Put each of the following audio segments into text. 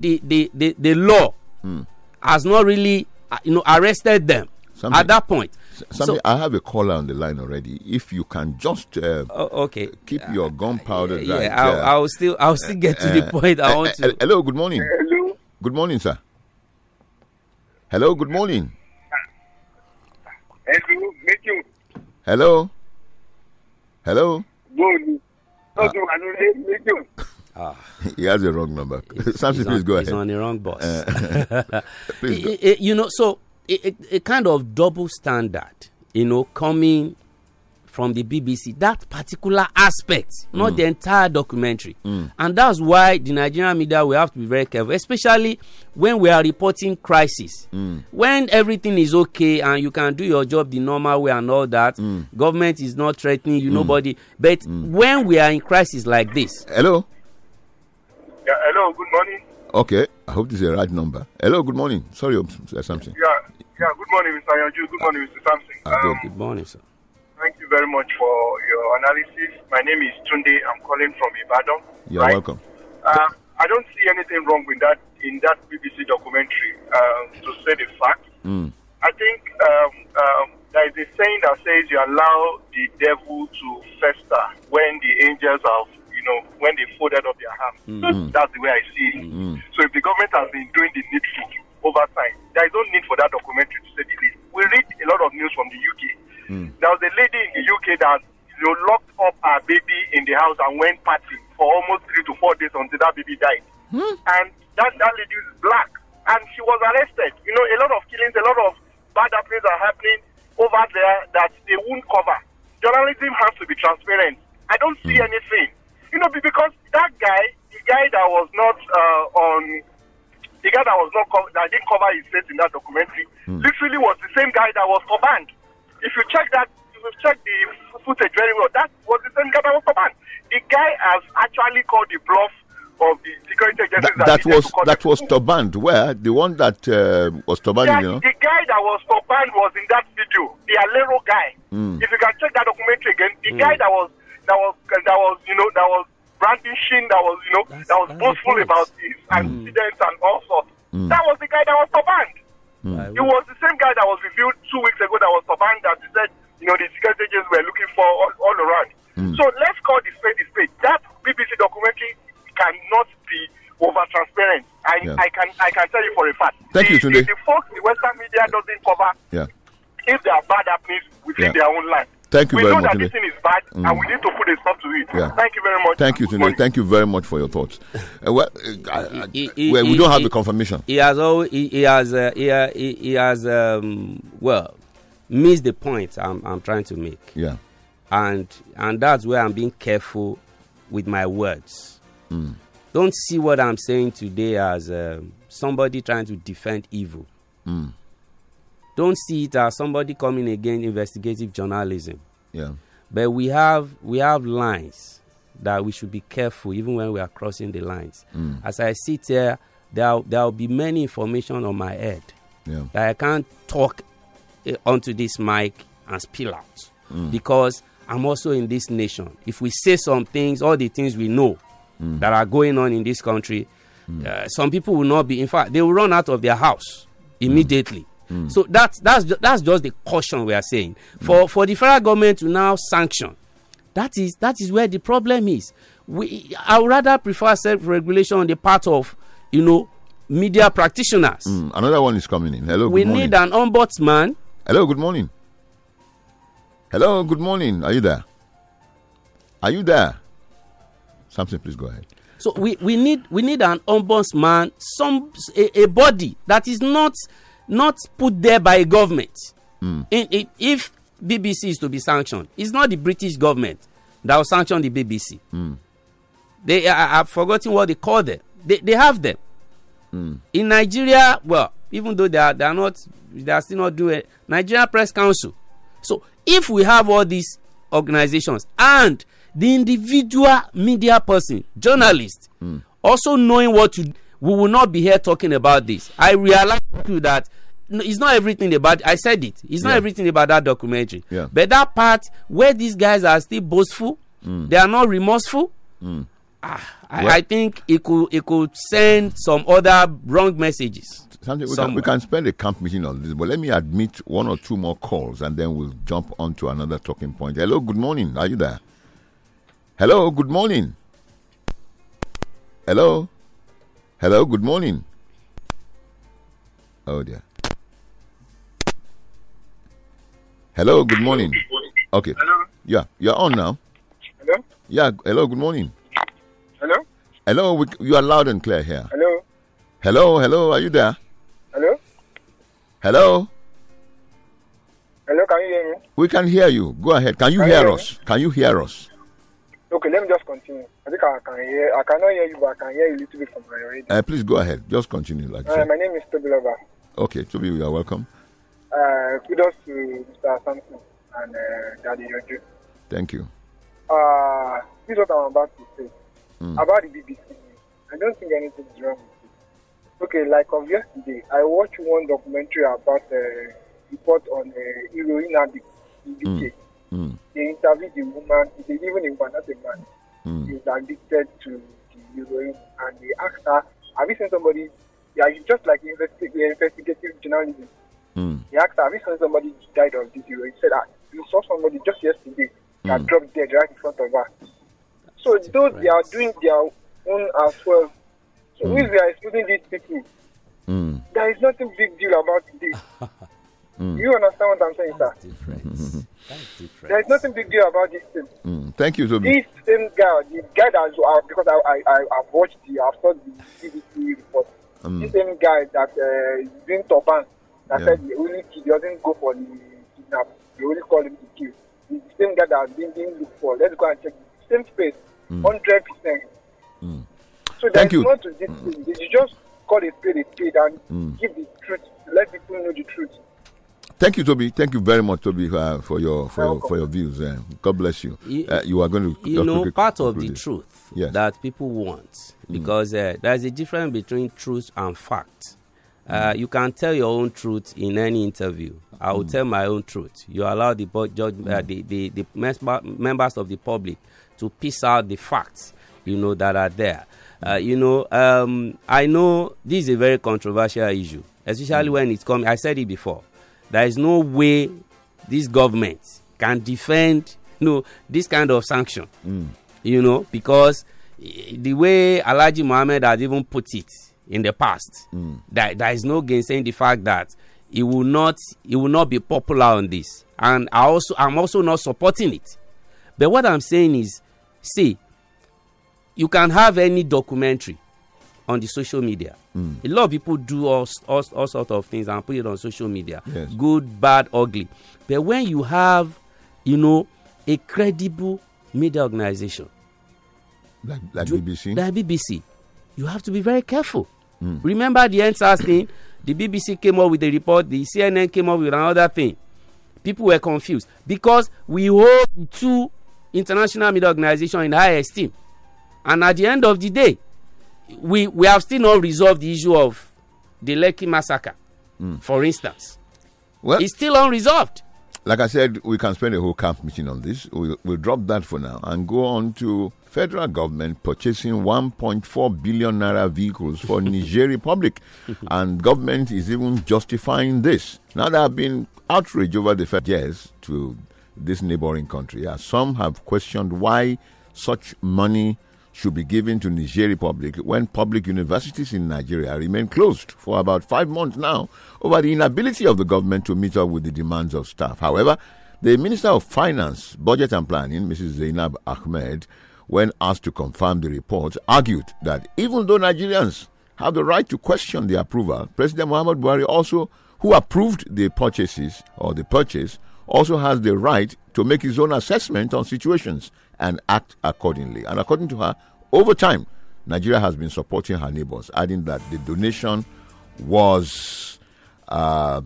the the the, the law mm. has not really uh, you know arrested them somebody, at that point. Somebody, so, I have a caller on the line already. If you can just uh, oh, okay keep uh, your gunpowder uh, yeah, right I'll, I'll still I'll still get to the eh, eh, point. I eh, want to. Hello, good morning. Hello. Good morning, sir. Hello, good morning. Hello, meet you. Hello. Hello. Good. Uh, Ah. He has the wrong number. Samson, please go he's ahead. He's on the wrong bus. Eh. please it, it, you know, so a, a kind of double standard, you know, coming from the BBC, that particular aspect, mm. not the entire documentary. Mm. And that's why the Nigerian media will have to be very careful, especially when we are reporting crisis. Mm. When everything is okay and you can do your job the normal way and all that, mm. government is not threatening you, mm. nobody. But mm. when we are in crisis like this, hello. Yeah, hello, good morning. Okay, I hope this is the right number. Hello, good morning. Sorry, Mr. Um, Samson. Yeah, yeah, good morning, Mr. Yonju. Good morning, Mr. Samson. Ah, um, good morning, sir. Thank you very much for your analysis. My name is Tunde. I'm calling from Ibadan. You're right? welcome. Um, I don't see anything wrong with that in that BBC documentary. Um, to say the fact, mm. I think um, um, there is a saying that says you allow the devil to fester when the angels are you know, when they folded up their hands. Mm-hmm. That's the way I see it. Mm-hmm. So if the government has been doing the needful over time, there is no need for that documentary to say the least. We read a lot of news from the UK. Mm. There was a lady in the UK that you know, locked up her baby in the house and went party for almost three to four days until that baby died. Mm. And that, that lady is black. And she was arrested. You know, a lot of killings, a lot of bad happenings are happening over there that they won't cover. Journalism has to be transparent. I don't see mm. anything you know, because that guy, the guy that was not uh, on, the guy that was not co- that didn't cover his face in that documentary, mm. literally was the same guy that was banned. If you check that, if you check the footage very well, that was the same guy that was banned. The guy has actually called the bluff of the security agencies. that, was that was Toband. Where the one that uh, was Toband, yeah, you know? The guy that was Toband was in that video. The Alero guy. Mm. If you can check that documentary again, the mm. guy that was that was that was you know that was brandishing, that was you know that's, that was boastful about his mm. and all sorts. Mm. That was the guy that was banned. Mm. It was the same guy that was revealed two weeks ago that was banned that said you know the security agents were looking for all, all around. Mm. So let's call this spade a spade. That BBC documentary cannot be over transparent. I, yeah. I can I can tell you for a fact. Thank the, you, Tunde. The, the folks, the Western media doesn't cover. Yeah. If there are bad happenings within yeah. their own land. Thank you we very know That this thing is bad, mm. and we need to put a stop to it. Yeah. Thank you very much. Thank you, Tunde. Thank you very much for your thoughts. Uh, well, uh, I, I, he, he, uh, we don't have the confirmation. He has always, he, has uh, uh he, has um, well missed the point I'm, I'm trying to make. Yeah, and and that's where I'm being careful with my words. Mm. Don't see what I'm saying today as um, somebody trying to defend evil. Mm don't see it as somebody coming against investigative journalism. Yeah. But we have we have lines that we should be careful even when we are crossing the lines. Mm. As I sit here, there there'll be many information on my head yeah. that I can't talk eh, onto this mic and spill out mm. because I'm also in this nation. If we say some things, all the things we know mm. that are going on in this country, uh, some people will not be. In fact, they will run out of their house mm. immediately so that's that's that's just the caution we are saying for mm. for the federal government to now sanction. That is that is where the problem is. We I would rather prefer self-regulation on the part of you know media practitioners. Mm, another one is coming in. Hello. we need an ombudsman. Hello. Good morning. Hello. Good morning. Are you there? Are you there? Something, please go ahead. So we, we need we need an ombudsman, some a, a body that is not not put there by government. Mm. In, in, if BBC is to be sanctioned, it's not the British government that will sanction the BBC. Mm. They are forgotten what they call them. They, they have them. Mm. In Nigeria, well, even though they are, they are not, they are still not doing it. Nigeria Press Council. So if we have all these organizations and the individual media person, journalist, hmm. also knowing what to, we will not be here talking about this. I realize too that it's not everything about i said it it's yeah. not everything about that documentary yeah. but that part where these guys are still boastful mm. they are not remorseful mm. ah, I, I, think it could it could send some other wrong messages Something we, can, we can spend a camp meeting on this, but let me admit one or two more calls and then we'll jump on to another talking point. Hello, good morning. Are you there? Hello, good morning. Hello? Hello, good morning. Oh dear. Hello, good morning. Okay. Hello. Yeah, you're on now. Hello. Yeah. Hello. Good morning. Hello. Hello. We, you are loud and clear here. Hello. Hello. Hello. Are you there? Hello. Hello. Hello. Can you hear me? We can hear you. Go ahead. Can you can hear, us? Can you hear us? Okay. Let me just continue. I think I can hear. I cannot hear you, but I can hear you a little bit from my radio. Uh, please go ahead. Just continue, like. Uh, my name is Toby Lover. Okay, Toby, you are welcome uh, kudos to Mr. Samson and uh, Daddy Yoju. Thank you. Uh, this is what I'm about to say. Mm. About the BBC I don't think anything is wrong with it. Okay, like of yesterday, I watched one documentary about a uh, report on a uh, heroin addict in the UK. Mm. They interviewed the woman, they even a not a man, mm. is addicted to the heroin, and they asked her, Have you seen somebody? Yeah, you just like investigative journalism. Mm. He asked, Have you seen somebody died of DTO? He said, ah, You saw somebody just yesterday that mm. dropped dead right in front of us. So That's those they are doing their own as well. So mm. if we are excluding these people, mm. there is nothing big deal about this. Mm. you understand what I'm saying, That's sir? Different. There is nothing big deal about this thing. Mm. Thank you, Toby. This same guy, the guy that uh, because I I I I've watched the I've saw the BBC report. Mm. This same guy that uh, is being I yeah. said, the only he doesn't go for the kidnap. They only call him to kill. the same guy that has been being looked for. Let's go and check. Same space, hmm. hundred mm. mm. percent. Hmm. So Thank you. not to this mm. You just call a spade a spade and mm. give the truth. Let people know the truth. Thank you, Toby. Thank you very much, Toby, uh, for your for your, for your views. Uh, God bless you. You, uh, you are going to you know part of the truth yes. that people want hmm. because mm. there's a difference between truth and fact. Uh, you can tell your own truth in any interview. I will mm. tell my own truth. You allow the judge, uh, mm. uh, the, the, the members of the public to piece out the facts, you know, that are there. Uh, mm. you know, um, I know this is a very controversial issue, especially mm. when it's coming. I said it before. There is no way this government can defend, you know, this kind of sanction. Mm. You know, because eh, the way Alaji Mohammed has even put it, in the past. Mm. there is no gainsaying the fact that it will not it will not be popular on this. And I also I'm also not supporting it. But what I'm saying is, see, you can have any documentary on the social media. Mm. A lot of people do all, all, all sorts of things and put it on social media. Yes. Good, bad, ugly. But when you have, you know, a credible media organization. Like, like do, BBC? Like BBC. You have to be very careful. Mm. Remember the NSAS thing? The BBC came up with a report, the CNN came up with another thing. People were confused because we hold two international media organizations in high esteem. And at the end of the day, we, we have still not resolved the issue of the Lekki massacre, mm. for instance. Well, it's still unresolved. Like I said, we can spend a whole camp meeting on this. We'll, we'll drop that for now and go on to federal government purchasing 1.4 billion naira vehicles for Niger Republic, and government is even justifying this. Now there have been outrage over the feds to this neighboring country, as some have questioned why such money should be given to Niger Republic when public universities in Nigeria remain closed for about five months now over the inability of the government to meet up with the demands of staff. However, the Minister of Finance, Budget and Planning, Mrs. Zainab Ahmed, when asked to confirm the report, argued that even though Nigerians have the right to question the approval, President Muhammad Buhari also, who approved the purchases or the purchase, also has the right to make his own assessment on situations and act accordingly. And according to her, over time, Nigeria has been supporting her neighbors, adding that the donation was uh,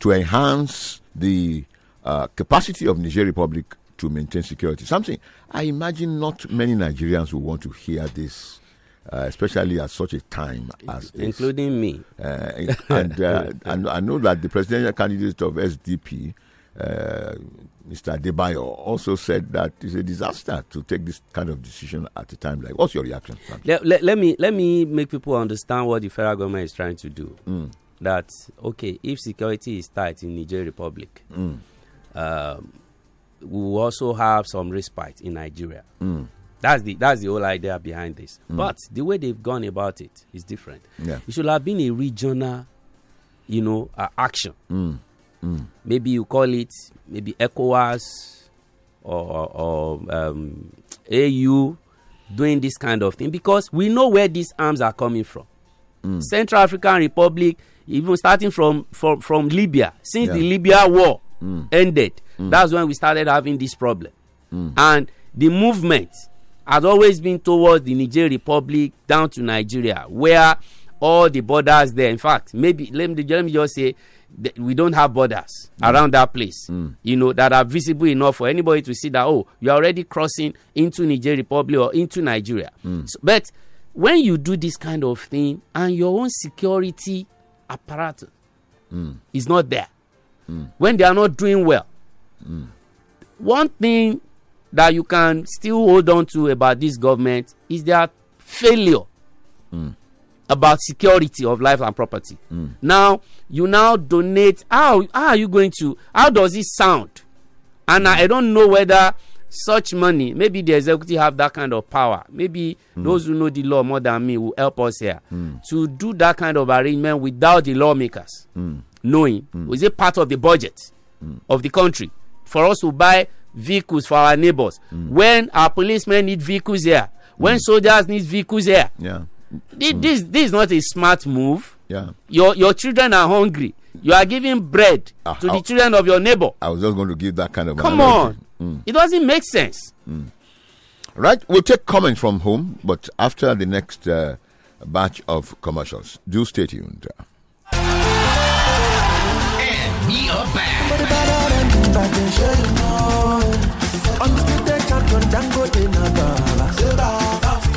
to enhance the uh, capacity of Nigeria Republic to maintain security. Something I imagine not many Nigerians will want to hear this. Uh, especially at such a time as this, including me. Uh, and, uh, and I know that the presidential candidate of SDP, uh, Mr. Debayo, also said that it's a disaster to take this kind of decision at a time like. What's your reaction? Let, let, let, me let me make people understand what the federal government is trying to do. Mm. That okay, if security is tight in Niger Republic. Mm. Um, we will also have some respite in Nigeria. Mm. That's the that's the whole idea behind this. Mm. But the way they've gone about it is different. Yeah. It should have been a regional, you know, uh, action. Mm. mm. Maybe you call it maybe ECOWAS or, or um, AU doing this kind of thing because we know where these arms are coming from. Mm. Central African Republic, even starting from from, from Libya since yeah. the Libya war mm. ended, mm. that's when we started having this problem. Mm. And the movement has always been towards the Niger Republic down to Nigeria, where all the borders there. In fact, maybe let me, let me just say we don't have borders mm. around that place, mm. you know, that are visible enough for anybody to see that, oh, you're already crossing into Niger Republic or into Nigeria. Mm. So, but when you do this kind of thing and your own security apparatus mm. is not there, mm. when they are not doing well. Mm. One thing that you can still hold on to about this government is their failure mm. about security of life and property. Mm. Now you now donate. How, how are you going to? How does it sound? And mm. I, I don't know whether such money maybe the executive have that kind of power maybe mm. those who know the law more than me will help us here mm. to do that kind of arrangement without the lawmakers. Mm. knowing? Mm. Is it part of the budget mm. of the country for us to buy vehicles for our neighbors? Mm. When our policemen need vehicles here, when hmm. soldiers need vehicles here. Yeah. This, hmm. this, this is not a smart move. Yeah. Your your children are hungry. You are giving bread uh, to i the children of your neighbor. I was just going to give that kind of. Come analogy. on, hmm. it doesn't make sense. Right, we'll take comments from home, but after the next uh, batch of commercials, do stay tuned. Me can a bar.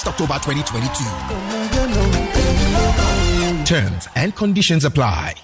1st October 2022. Terms and conditions apply.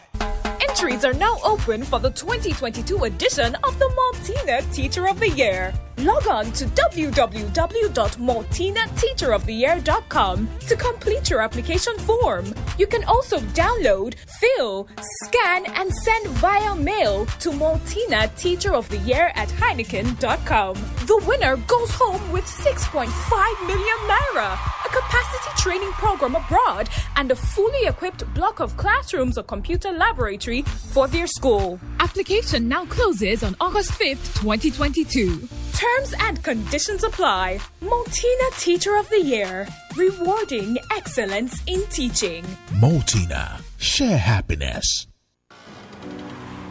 Entries are now open for the 2022 edition of the Martina Teacher of the Year. Log on to www.martinateacheroftheyear.com to complete your application form. You can also download, fill, scan, and send via mail to Martina Teacher of the Year at Heineken.com. The winner goes home with 6.5 million naira, a capacity training program abroad, and a fully equipped block of classrooms or computer laboratory for their school. Application now closes on August 5th, 2022. Terms and conditions apply. Multina Teacher of the Year. Rewarding excellence in teaching. Multina. Share happiness.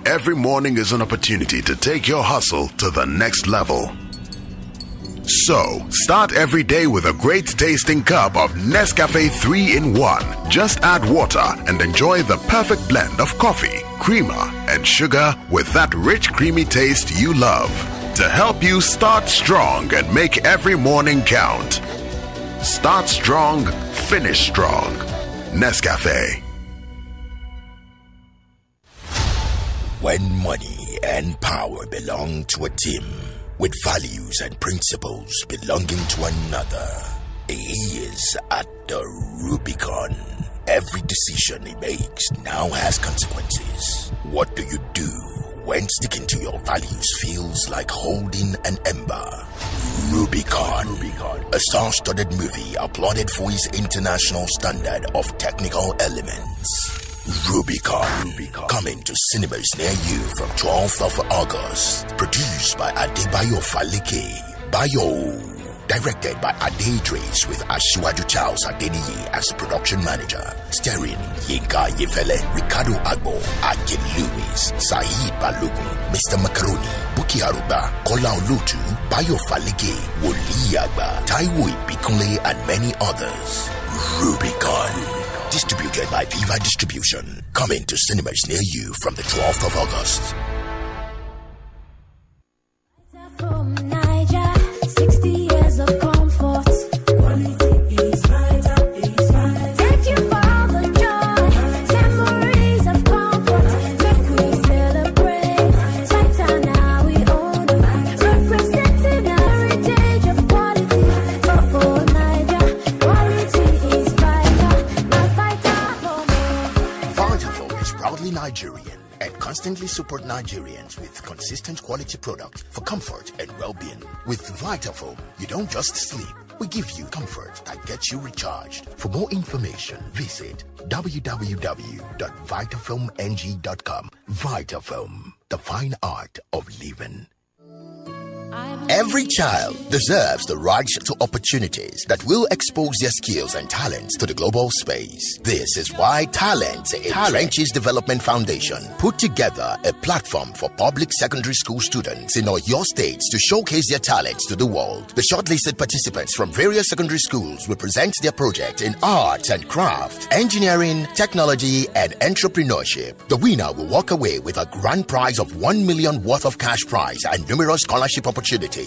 Every morning is an opportunity to take your hustle to the next level. So, start every day with a great tasting cup of Nescafe 3 in 1. Just add water and enjoy the perfect blend of coffee, creamer, and sugar with that rich, creamy taste you love to help you start strong and make every morning count. Start strong, finish strong. Nescafe. When money and power belong to a team with values and principles belonging to another, he is at the Rubicon. Every decision he makes now has consequences. What do you do? when sticking to your values feels like holding an ember. Rubicon, a star studded movie applauded for its international standard of technical elements. Rubicon, Rubicon, coming to cinemas near you from 12th of August. Produced by Adebayo Falike. Bayo. Directed by Ade Idris with Ashiwaju Charles Adeniyi as production manager. Starring Yinka Yefele, Ricardo Agbo, Akin Lewis, Saeed Balogun, Mr. Macaroni, Buki Aruba, Kola Olutu, Bayo Falike, Woli Agba, Taiwo Ibikunle and many others. Rubicon distributed by Viva Distribution. Coming to cinemas near you from the 12th of August. consistently support Nigerians with consistent quality product for comfort and well-being. With Vitafilm, you don't just sleep. We give you comfort that gets you recharged. For more information, visit www.vitafilmng.com. Vitafilm, the fine art of living. Every child deserves the right to opportunities that will expose their skills and talents to the global space. This is why Talent Trenches Development Foundation put together a platform for public secondary school students in all your states to showcase their talents to the world. The shortlisted participants from various secondary schools will present their project in arts and craft, engineering, technology, and entrepreneurship. The winner will walk away with a grand prize of 1 million worth of cash prize and numerous scholarship opportunities opportunity.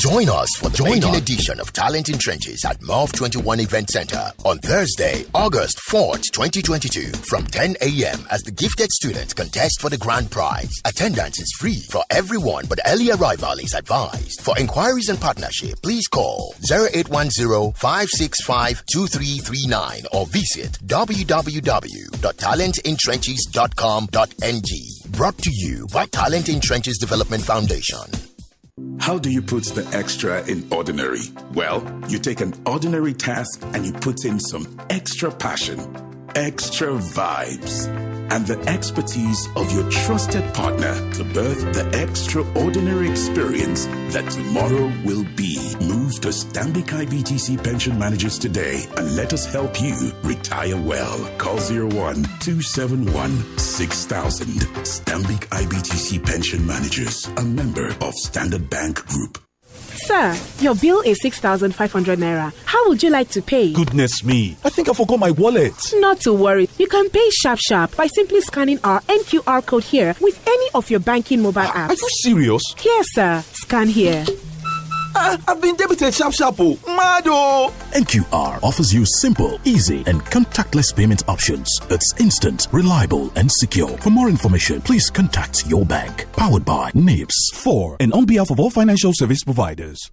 Join us for the joint edition of Talent in Trenches at MOV 21 Event Center on Thursday, August 4th, 2022 from 10 a.m. as the gifted students contest for the grand prize. Attendance is free for everyone but early arrival is advised. For inquiries and partnership, please call 0810-565-2339 or visit www.talentintrenches.com.ng. Brought to you by Talent in Trenches Development Foundation. How do you put the extra in ordinary? Well, you take an ordinary task and you put in some extra passion, extra vibes and the expertise of your trusted partner to birth the extraordinary experience that tomorrow will be. Move to Stanbic IBTC Pension Managers today and let us help you retire well. Call 01 271 6000. Stanbic IBTC Pension Managers, a member of Standard Bank Group. Sir, your bill is 6,500 naira. How would you like to pay? Goodness me, I think I forgot my wallet. Not to worry. You can pay Sharp Sharp by simply scanning our NQR code here with any of your banking mobile apps. Are you serious? Yes, sir. Scan here. Ah, I've been debited sharp sharp. Oh. Mado. Oh. NQR offers you simple, easy, and contactless payment options. It's instant, reliable, and secure. For more information, please contact your bank. Powered by NIPS 4 and on behalf of all financial service providers.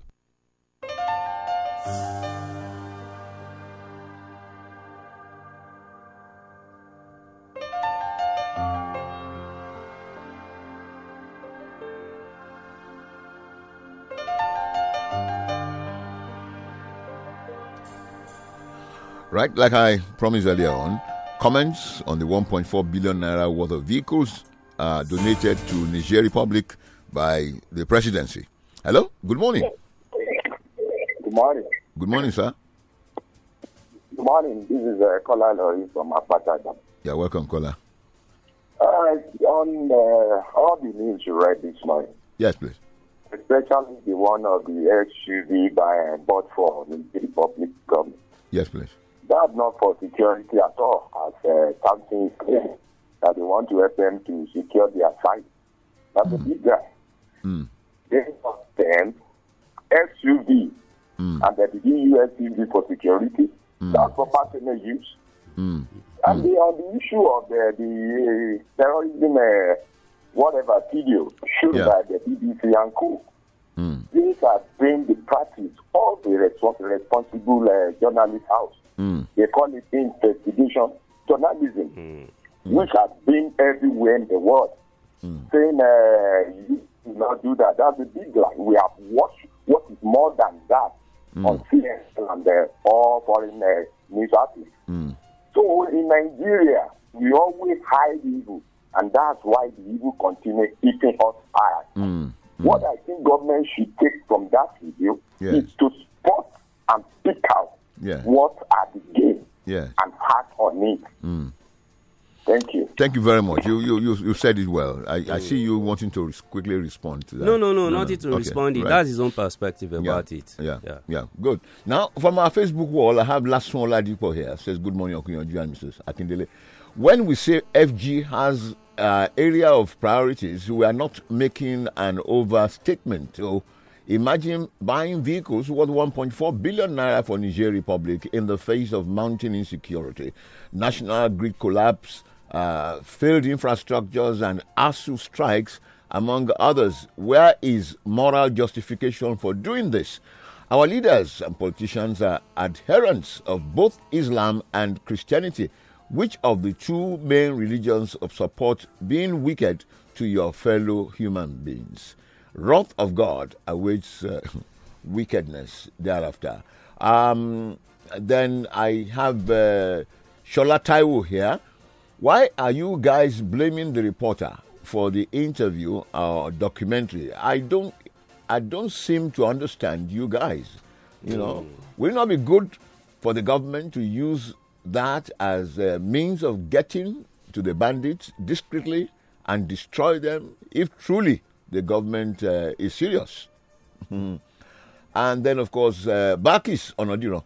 right, like I promised earlier on, comments on the 1.4 billion naira worth of vehicles uh, donated to Niger Republic by the presidency. Hello, good morning. Good morning. Good morning, sir. Good morning. This is uh, Kola Lori from Apatadam. You're welcome, Kola. Uh, on uh, all the news you read this morning. Yes, please. Especially the one of the SUV by bought for the Republic government. Yes, please. That's not for security at all, as uh, is that they want to help them to secure their site. That's mm. a hmm. big guy. Mm. They have 10 SUV, mm. and the begin USUV for security. Mm. That's for personal use. Mm. And mm. The, on the issue of the, the uh, terrorism, uh, whatever video shoot yeah. by the BBC and Co. Mm. These are being the practice of the respons- responsible uh, journalist house. Mm. They call it investigation journalism, mm. which has been everywhere in the world. Mm. Saying uh, you do not do that. That's a big lie. We have watched what is more than that mm. on CNN and uh, all foreign uh, news outlets. Mm. So in Nigeria, we always hide evil, and that's why the evil continues eating us alive. Mm. What I think government should take from that video yes. is to spot and pick out yeah. what Thank you very much. You you you, you said it well. I, I see you wanting to quickly respond to that. No, no, no, no not no. it to okay, respond. Right. That's his own perspective about yeah, it. Yeah, yeah, yeah. Good. Now, from our Facebook wall, I have Last small Oladipo here. Says good morning, Okunyoju and Mrs. Akindele. When we say FG has uh, area of priorities, we are not making an overstatement. So imagine buying vehicles worth 1.4 billion naira for Niger Republic in the face of mounting insecurity, national grid collapse uh, failed infrastructures and ASU strikes, among others. Where is moral justification for doing this? Our leaders and politicians are adherents of both Islam and Christianity. Which of the two main religions of support being wicked to your fellow human beings? Wrath of God awaits uh, wickedness thereafter. Um, then I have uh, Shola Taiwo here why are you guys blaming the reporter for the interview or documentary? I don't, I don't seem to understand you guys. You mm. know, will it not be good for the government to use that as a means of getting to the bandits discreetly and destroy them if truly the government uh, is serious. Hmm. and then, of course, uh, Bakis Onodiro.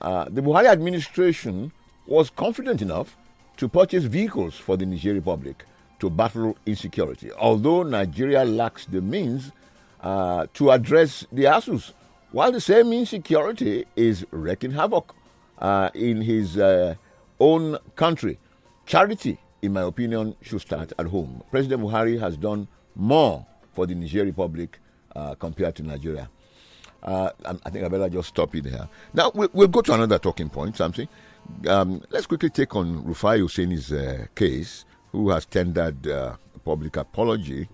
Uh, the Buhari administration was confident enough to purchase vehicles for the Niger Republic to battle insecurity, although Nigeria lacks the means uh, to address the issues, while the same insecurity is wreaking havoc uh, in his uh, own country. Charity, in my opinion, should start at home. President Buhari has done more for the Niger Republic uh, compared to Nigeria. Uh, I think I better just stop it here. Now, we'll, we'll go to another talking point, something. Um, let's quickly take on Rufai Husseini's uh, case, who has tendered uh, a public apology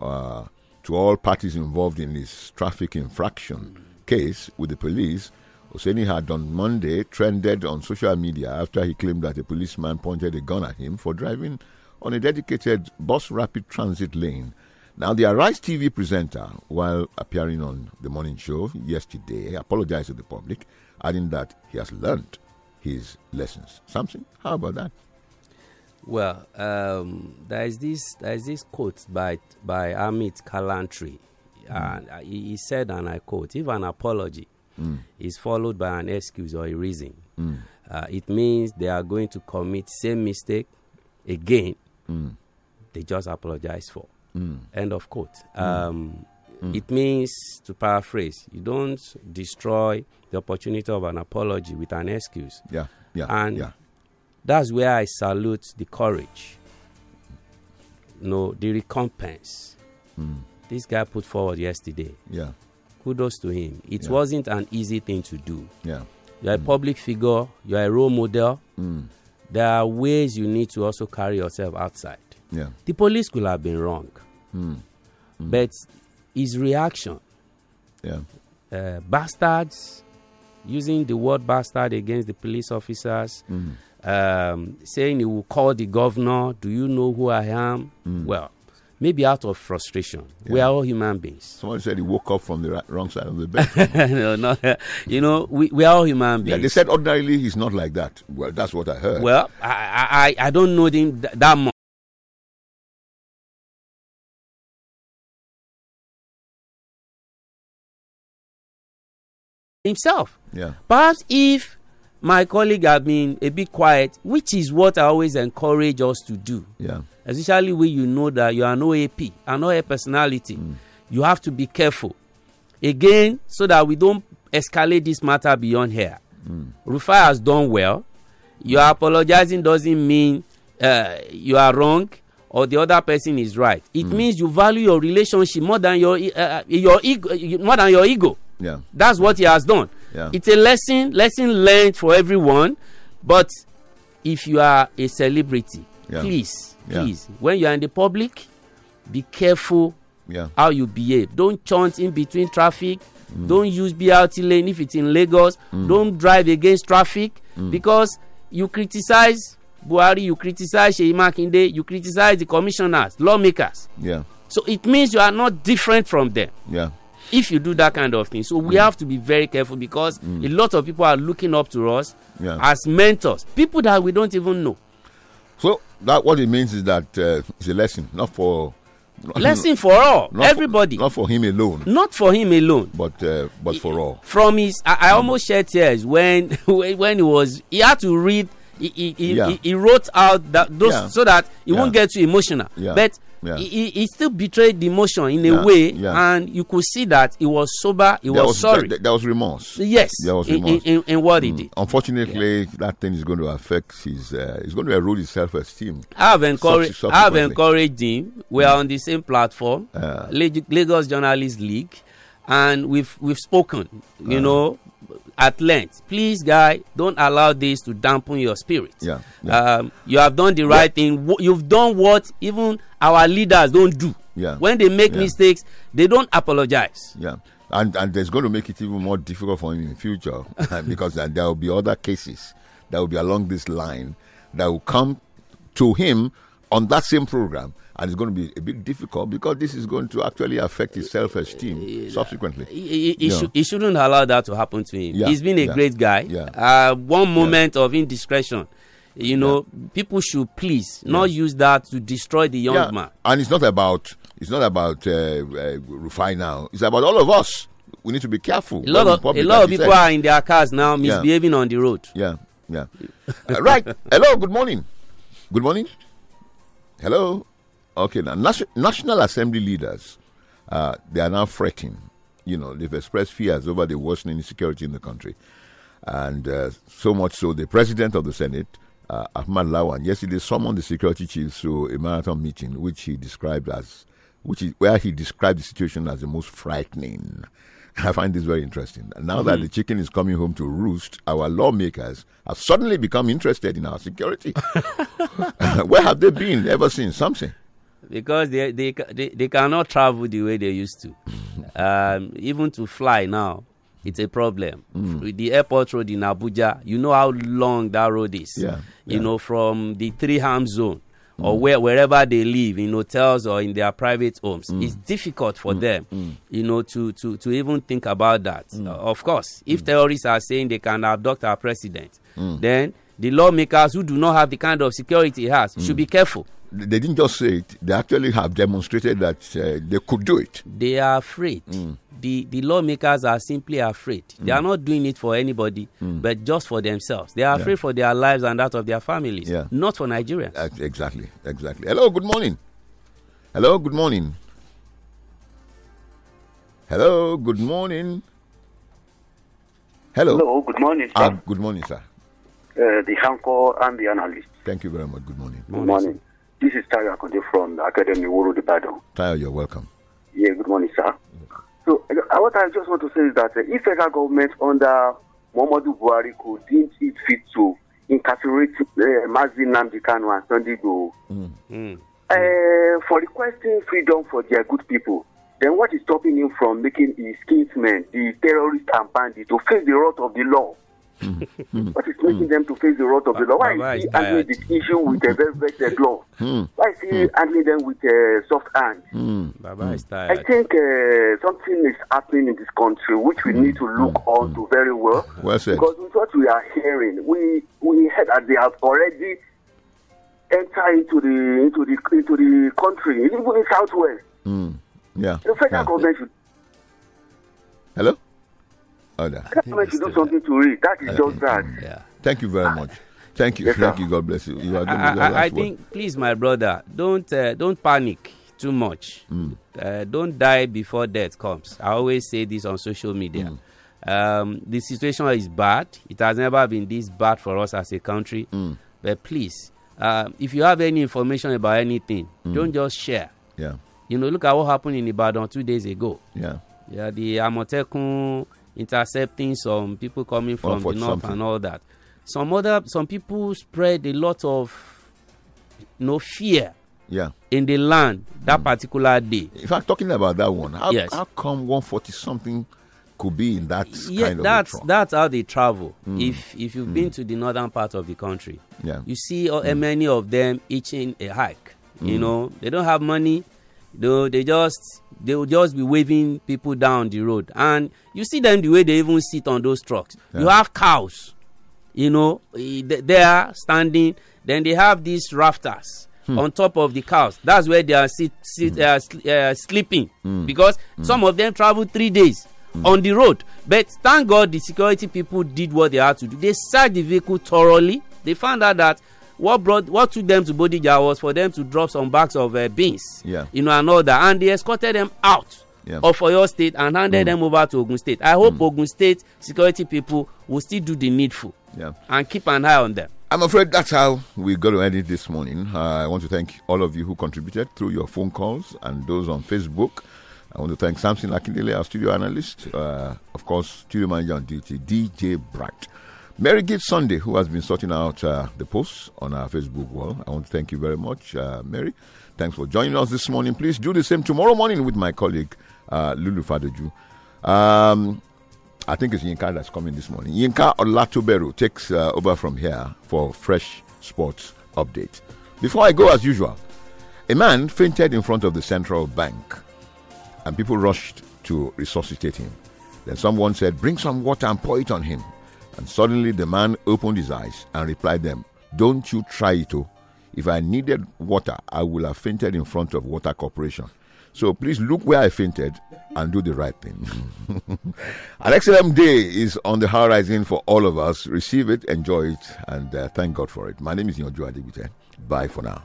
uh, to all parties involved in his traffic infraction case with the police. Husseini had on Monday trended on social media after he claimed that a policeman pointed a gun at him for driving on a dedicated bus rapid transit lane. Now, the Arise TV presenter, while appearing on the morning show yesterday, apologized to the public, adding that he has learned his lessons. Something? How about that? Well, um, there is this there is this quote by by Amit Kalantri, mm. and he, he, said, and I quote: "If an apology mm. is followed by an excuse or a reason, mm. uh, it means they are going to commit same mistake again. Hmm. They just apologize for." Hmm. End of quote. Hmm. Um, Mm. It means, to paraphrase, you don't destroy the opportunity of an apology with an excuse. Yeah, yeah. And yeah. that's where I salute the courage, no, the recompense. Mm. This guy put forward yesterday. Yeah. Kudos to him. It yeah. wasn't an easy thing to do. Yeah. You're mm. a public figure, you're a role model. Mm. There are ways you need to also carry yourself outside. Yeah. The police could have been wrong. Mm. Mm. But his reaction. Yeah. Uh, bastards, using the word bastard against the police officers, mm. um, saying he will call the governor, Do you know who I am? Mm. Well, maybe out of frustration. Yeah. We are all human beings. Someone said he woke up from the wrong side of the bed. no, no, you know, we, we are all human beings. Yeah, they said ordinarily he's not like that. Well, that's what I heard. Well, I, I, I don't know him that much. himself. Yeah. Perhaps if my colleague had been a bit quiet, which is what I always encourage us to do. Yeah. Especially when you know that you are AP, OAP, an OA personality. Mm. You have to be careful. Again, so that we don't escalate this matter beyond here. Mm. Rufai has done well. You mm. apologizing doesn't mean uh, you are wrong or the other person is right. It mm. means you value your relationship more than your uh, your ego, more than your ego. Yeah. That's what he has done. Yeah. It's a lesson, lesson learned for everyone. But if you are a celebrity, yeah. please, please, when you are in the public, be careful yeah. how you behave. Don't chant in between traffic. Mm. Don't use BRT lane if it's in Lagos. Mm. Don't drive against traffic mm. because you criticize Buhari, you criticize Sheyi Makinde, you criticize the commissioners, lawmakers. Yeah. So it means you are not different from them. Yeah. if you do that kind of thing. So we mm. have to be very careful because mm. a lot of people are looking up to us yeah. as mentors, people that we don't even know. So that what it means is that uh, it's a lesson, not for lesson for all, not everybody, for, not for him alone, not for him alone, but uh, but he, for all. From his, I, I mm. almost shed tears when when he was he had to read he, he, yeah. he, he, wrote out that those yeah. so that he yeah. won't get too emotional. But Yeah. He, he, still betrayed the emotion in a way, yeah. and you could see that he was sober, he was, was, sorry. There, there, was remorse. Yes, there was remorse. In, in, in what he did. Mm. Unfortunately, that thing is going to affect his, uh, it's going to erode his self esteem. I've encouraged, I've encouraged him. We are mm. on the same platform, Lagos Journalists League, and we've, we've spoken, you know, at length. Please, guy, don't allow this to dampen your spirit. Yeah, yeah. Um, you have done the right yeah. thing. You've done what even our leaders don't do. Yeah. When they make yeah. mistakes, they don't apologize. Yeah. And, and there's going to make it even more difficult for him in the future uh, because uh, there will be other cases that will be along this line that will come to him on that same program and it's going to be a bit difficult because this is going to actually affect his self-esteem subsequently. He, he, yeah. sh he shouldn't allow that to happen to him. Yeah. He's been a yeah. great guy. Uh, one moment of indiscretion you know yeah. people should please not yeah. use that to destroy the young yeah. man and it's not about it's not about uh, uh, now it's about all of us we need to be careful a lot of, public, a lot of people said. are in their cars now misbehaving on the road yeah yeah uh, right hello good morning good morning hello Okay, now National Assembly leaders, uh, they are now fretting. You know, they've expressed fears over the worsening insecurity in the country. And uh, so much so, the president of the Senate, uh, Ahmad Lawan, yesterday summoned the security chiefs to a marathon meeting, which he described as, which is where he described the situation as the most frightening. I find this very interesting. now mm-hmm. that the chicken is coming home to roost, our lawmakers have suddenly become interested in our security. Where have they been ever since? Something. because they, they, they, they cannot travel the way they used to. um, even to fly now, it's a problem. Mm. the airport road in Abuja, you know how long that road is. Yeah, yeah. You know, from the three Ham zone mm. or where, wherever they live, in hotels or in their private homes, mm. it's difficult for mm. them, mm. you know, to, to, to even think about that. Mm. Uh, of course, if terrorists are saying they can abduct our president, then the lawmakers who do not have the kind of security he has should be careful. They didn't just say it; they actually have demonstrated that uh, they could do it. They are afraid. Mm. The the lawmakers are simply afraid. Mm. They are not doing it for anybody, mm. but just for themselves. They are yeah. afraid for their lives and that of their families, yeah. not for Nigerians. Uh, exactly, exactly. Hello, good morning. Hello, good morning. Hello, good morning. Hello. Hello, good morning. Sir. Ah, good morning, sir. Uh, the Hanko, I'm the analyst. Thank you very much. Good morning. Good morning. Good morning. This is Tayo Akonde from Academy Woro Dibado. Tayo, you're welcome. Yeah, good morning, sir. So, uh, what I just want to say is that uh, if federal government under Muhammadu Buhari could deem it fit to incarcerate uh, Mazi Nnamdi Kanu and Sunday Igboho mm. mm. for requesting freedom for their good people, then what is stopping him from making his kinsmen, the terrorists and bandits, to face the wrath of the law? Mm. Mm-hmm. What is making mm. them to face the wrath of the law? Why is he handling the issue with a velvet glove? Mm. Why is he mm-hmm. handling them with a soft hand? I think uh, something is happening in this country which we need to look mm. onto very well. well said. Because with what we are hearing, we we heard that they have already entered into the into the into the country, even in Southwest. Yeah. The federal yeah. government should. Hello. Oh, I can't do something to read. That is just that. Yeah. Thank you very ah. much. Thank you. Thank you. God bless you. you I, I, I think, please, my brother, don't uh, don't panic too much. Mm. Uh, don't die before death comes. I always say this on social media. Mm. Um, the situation is bad. It has never been this bad for us as a country. Mm. But please, uh, if you have any information about anything, mm. don't just share. Yeah. You know, look at what happened in Ibadan two days ago. Yeah. Yeah. The Amotekun intercepting some people coming from the north something. and all that. Some other some people spread a lot of you no know, fear. Yeah. In the land that mm. particular day. In fact, talking about that one, how, yes. how come 140 something could be in that yeah, kind of that's intro? that's how they travel. Mm. If if you've mm. been to the northern part of the country, yeah, you see uh, many of them eating a hike. You hmm. know, they don't have money They, they just they will just be waving people down the road. And you see them the way they even sit on those trucks. Yeah. You have cows, you know, eh, they are standing. Then they have these rafters. Hmm. on top of the cows. That's where they are sit, sit, mm. uh, uh, sleeping mm. because mm. some of them travel three days hmm. on the road. But thank God the security people did what they had to do. They searched the vehicle thoroughly. They found out that what brought what took them to Bodija was for them to drop some bags of uh, beans, yeah. you know, and all that, and they escorted them out yeah. of Oyo State and handed mm. them over to Ogun State. I hope mm. Ogun State security people will still do the needful yeah. and keep an eye on them. I'm afraid that's how we got to end it this morning. Uh, I want to thank all of you who contributed through your phone calls and those on Facebook. I want to thank Samson Akindele, our studio analyst, uh, of course, studio manager on duty, DJ Bright. Mary Gift Sunday, who has been sorting out uh, the posts on our Facebook wall, I want to thank you very much, uh, Mary. Thanks for joining us this morning. Please do the same tomorrow morning with my colleague, uh, Lulu Fadoju. Um, I think it's Yinka that's coming this morning. Yinka Olatuberu takes uh, over from here for fresh sports update. Before I go, as usual, a man fainted in front of the central bank, and people rushed to resuscitate him. Then someone said, Bring some water and pour it on him. And suddenly the man opened his eyes and replied them, Don't you try it, oh. If I needed water, I would have fainted in front of Water Corporation. So please look where I fainted and do the right thing. An excellent day is on the horizon for all of us. Receive it, enjoy it, and uh, thank God for it. My name is Nyojo Adigute. Bye for now.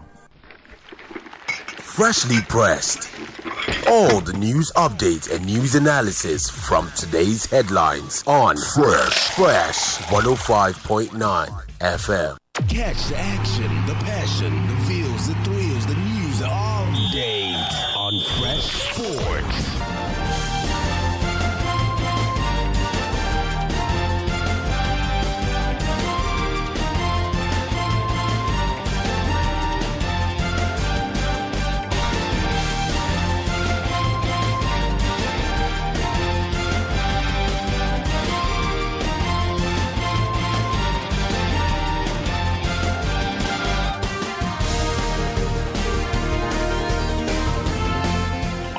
Freshly pressed. All the news updates and news analysis from today's headlines on Fresh Fresh 105.9 FM. Catch the action, the passion, the feels, the thrill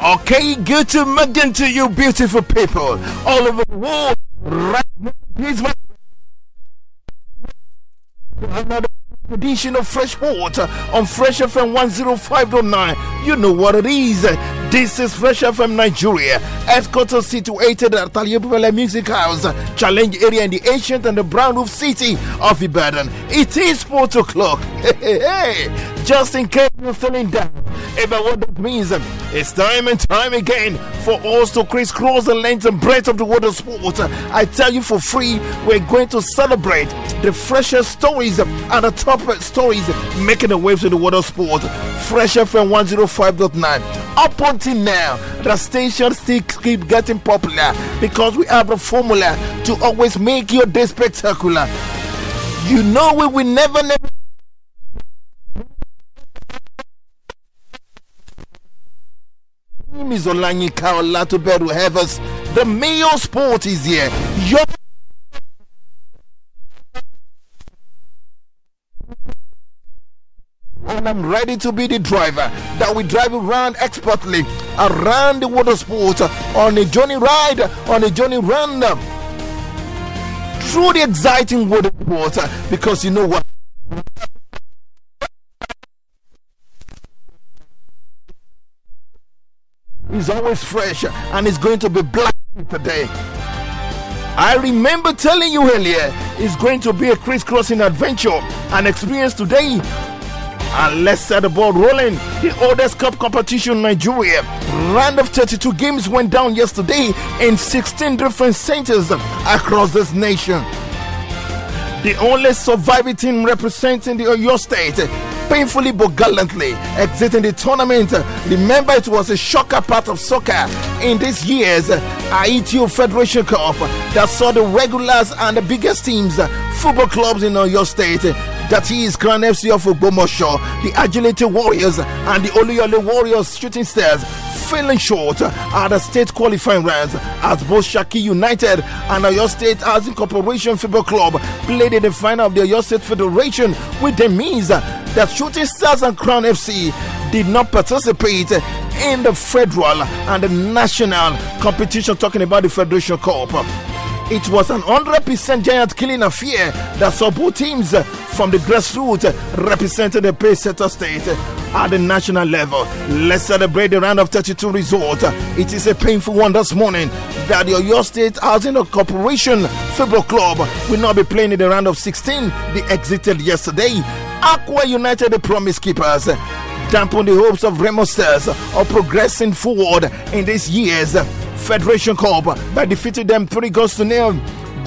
Okay, good to morning to you, beautiful people all over the world. Right now, here's my another edition of Fresh Water on Fresh FM 105.9. You know what it is. This is Fresh FM Nigeria, headquarters situated at Taliopele Music House, challenge area in the ancient and the brown roof city of Ibadan. It is 4 o'clock. Hey, hey, hey just in case you're feeling down about eh, what that means. Um, it's time and time again for us to crisscross the length and breadth of the world of sport. I tell you for free, we're going to celebrate the freshest stories um, and the top stories making the waves in the world of sport. Fresh FM 105.9. Up until now, the station still keep getting popular because we have a formula to always make your day spectacular. You know we will never, never name is Olanyika The Mayo Sport is here. Your and I'm ready to be the driver that will drive around expertly around the water sport on a journey ride, on a journey run through the exciting water sport because you know what? is always fresh and is going to be black today. I remember telling you earlier, it's going to be a crisscrossing adventure, an experience today. And let's set the ball rolling. The oldest cup competition in Nigeria. Round of 32 games went down yesterday in 16 different centers across this nation. The only surviving team representing the State painfully but gallantly exiting the tournament. Remember, it was a shocker part of soccer in this year's Haiti Federation Cup that saw the regulars and the biggest teams, football clubs in your state, that is Crown FC of Ogbomoso, the Agility Warriors, and the Oluyole Warriors Shooting Stars falling short at the state qualifying rounds as both Shaki United and Oyo State Housing Corporation Football Club played in the final of the Oyo State Federation, with the means that Shooting Stars and Crown FC did not participate in the federal and the national competition, talking about the Federation Cup. It was an 100% giant killing affair that saw both teams from the grassroots representing the Paysetter State at the national level. Let's celebrate the round of 32 result. It is a painful one this morning that state, as State Housing Corporation Football Club will not be playing in the round of 16. They exited yesterday. Aqua United, the promise keepers dampen the hopes of Remo Stars of progressing forward in these year's Federation Cup by defeating them three goals to nil.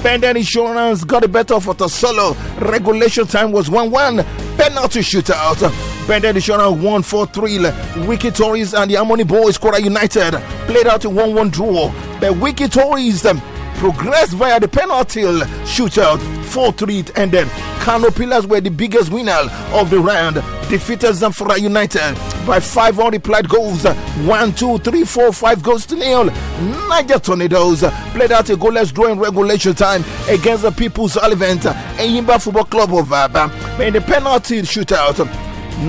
Bender Insurance got the better for Tosolo. Regulation time was 1 1. Penalty shootout. Bender Insurance won 4 3. Wiki Tories and the Harmony Boys Quora United played out a 1 1 draw. But Wiki Tories um, progressed via the penalty shootout 4 3 and ended. Kano Pillars were the biggest winner of the round, defeated Zamfara United by five unreplied goals 1, 2, 3, 4, 5 goals to nil. Niger Tornadoes played out a goalless draw in regulation time against the People's Elephant Eyimba Football Club of Abba in the penalty shootout.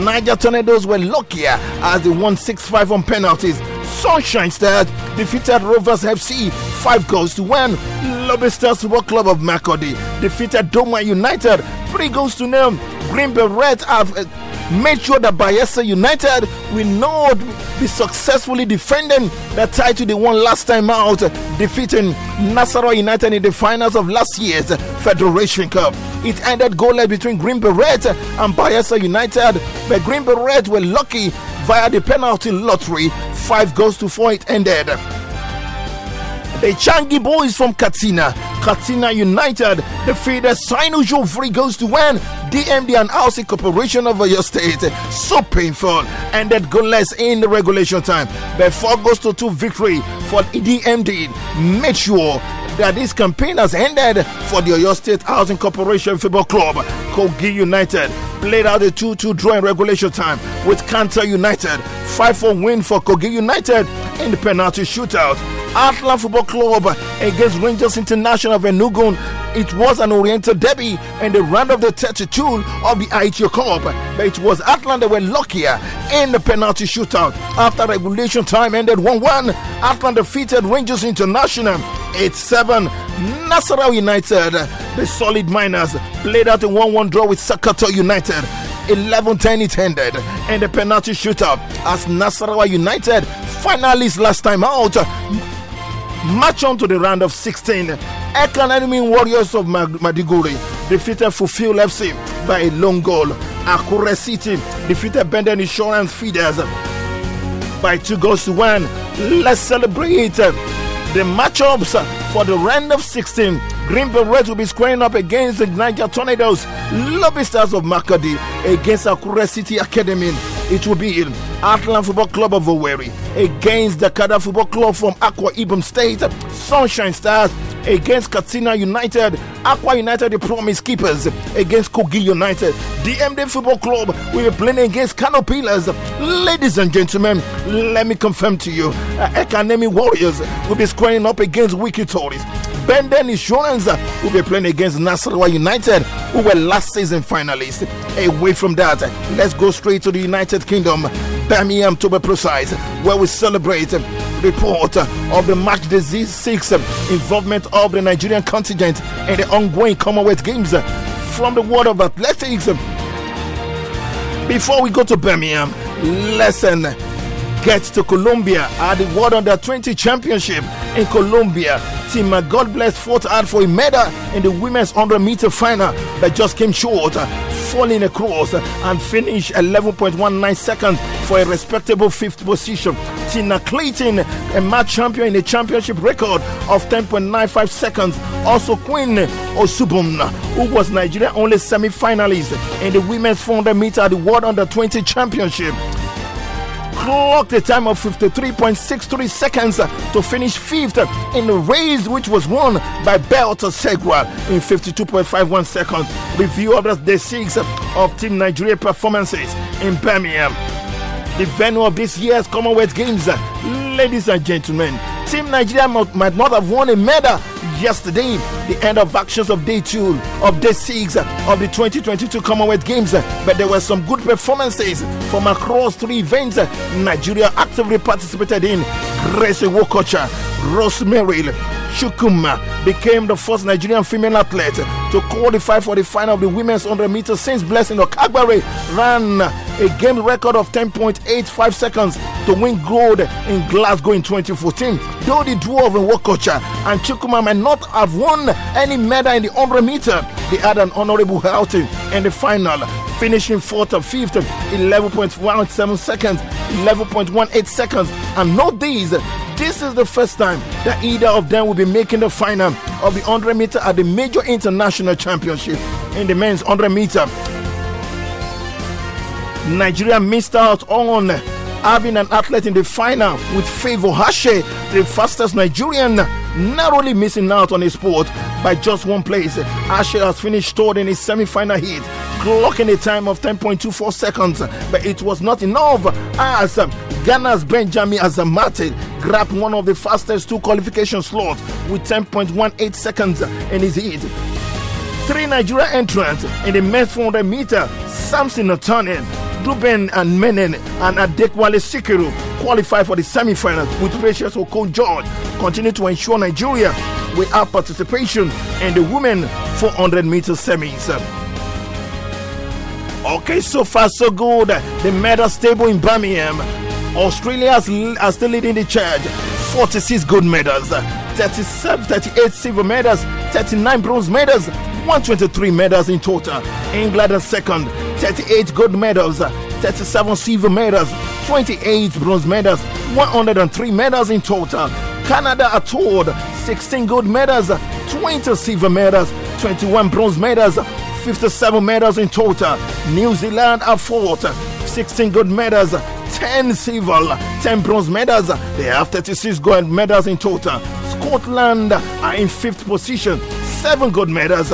Niger Tornadoes were luckier as they won 6 5 on penalties. Sunshine Stars defeated Rovers FC 5 goals to 1. Lobsters Football Club of Makodi defeated Doma United 3 goals to 0. Green Berets have uh, made sure that Bayelsa United will not be successfully defending the title the one last time out, defeating Nassau United in the finals of last year's Federation Cup. It ended goalless between Green Beret and Bayelsa United, but Green Beret were lucky via the penalty lottery. Five goals to four, it ended. The Changi Boys from Katina, Katina United defeated Sinusual Free goes to win. DMD and Aussie Corporation of your state. So painful. Ended goalless in the regulation time. The 4 goes to 2 victory for DMD. Made sure that this campaign has ended for the Oyo State Housing Corporation Football Club. Kogi United played out a 2 2 draw in regulation time with Kanta United. 5 4 win for Kogi United in the penalty shootout. Atlan Football Club against Rangers International of Enugun. It was an Oriental derby in the round of the 32 of the Aichi Cup, but it was Atlan that were luckier in the penalty shootout. After regulation time ended 1 1, Atlan defeated Rangers International 8 7. Nasarawa United, the solid miners, played out a 1 1 1 draw with Sakato United. 11 10 it ended. And the penalty shootout as Nasarawa United, finalists last time out, Match on to the round of 16. Ekan enemy Warriors of Madiguri defeated Fulfill FC by a long goal. Akure City defeated Benden Insurance Feeders by two goals to one. Let's celebrate the matchups for the round of 16 Green Reds will be squaring up against the Niger Tornadoes, Lobby Stars of Makadi against Akure City Academy. It will be in Atlan Football Club of Owerri against Dakada Football Club from Aqua Ibom State, Sunshine Stars against Katina United, Aqua United, the Promise Keepers against Kogi United, DMD Football Club will be playing against Kano Pillars. Ladies and gentlemen, let me confirm to you, uh, Warriors will be squaring up against Wiki Tories. Benden Insurance will be playing against Nasarawa United, who were last season finalists. Away from that, let's go straight to the United United Kingdom, Birmingham to be precise, where we celebrate report of the match disease 6 involvement of the Nigerian contingent in the ongoing Commonwealth Games from the world of athletics. Before we go to Birmingham, listen Get to Colombia at the World Under 20 Championship in Colombia. Team uh, God bless fought hard for a medal in the women's 100 meter final but just came short, uh, falling across uh, and finished 11.19 seconds for a respectable fifth position. Tina Clayton, a match champion in a championship record of 10.95 seconds. Also, Queen Osubum, who was Nigeria only semi finalist in the women's 400 meter at the World Under 20 Championship clocked a time of 53.63 seconds to finish fifth in the race, which was won by Belter Segwa in 52.51 seconds. Review of the six of Team Nigeria performances in Birmingham. The venue of this year's Commonwealth Games, ladies and gentlemen, team Nigeria might not have won a medal yesterday. The end of actions of day two of day six of the 2022 Commonwealth Games, but there were some good performances from across three events Nigeria actively participated in. Grace Wokocha, Rosemary Chukum became the first Nigerian female athlete to qualify for the final of the women's 100 meters since Blessing Okagbare ran a game record of 10.85 seconds to win gold in Glasgow in 2014. Though the duo of Nwokocha and Chukuma might not have won any medal in the 100 meter, they had an honorable outing in the final finishing fourth or fifth, 11.17 seconds, 11.18 seconds. And note these, this is the first time that either of them will be making the final of the 100 meter at the major international championship in the men's 100 meter. Nigeria missed out on having an athlete in the final with Favour Hashe, the fastest Nigerian, narrowly missing out on his spot by just one place. Hashe has finished third in his semi-final heat, clocking a time of 10.24 seconds, but it was not enough as Ghana's Benjamin Azamate grabbed one of the fastest two qualification slots with 10.18 seconds in his heat. Three Nigeria entrants in the men's 400 meter Samson Otonen, Ruben and Menen, and Adekwale Sikiru qualify for the semifinals with Precious Oko George. Continue to ensure Nigeria will have participation in the women 400 meter semis. Okay, so far so good. The medal table in Birmingham. Australia are still leading the charge. 46 gold medals, 37, 38 silver medals, 39 bronze medals, 123 medals in total. England is second, 38 gold medals, 37 silver medals, 28 bronze medals, 103 medals in total. Canada are third, 16 gold medals, 20 silver medals, 21 bronze medals, 57 medals in total. New Zealand are fourth, 16 gold medals, 10 silver, 10 bronze medals. They have 36 gold medals in total. Scotland are in fifth position, 7 gold medals,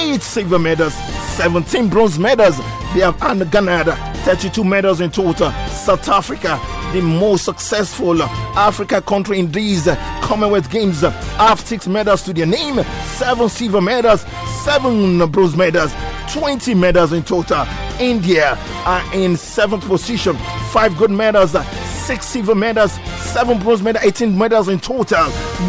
8 silver medals, 17 bronze medals. They have Ghana 32 medals in total. South Africa, the most successful Africa country in these Commonwealth Games, have six medals to their name, seven silver medals, seven bronze medals, 20 medals in total. India are in seventh position, five gold medals, six silver medals, seven bronze medals, 18 medals in total.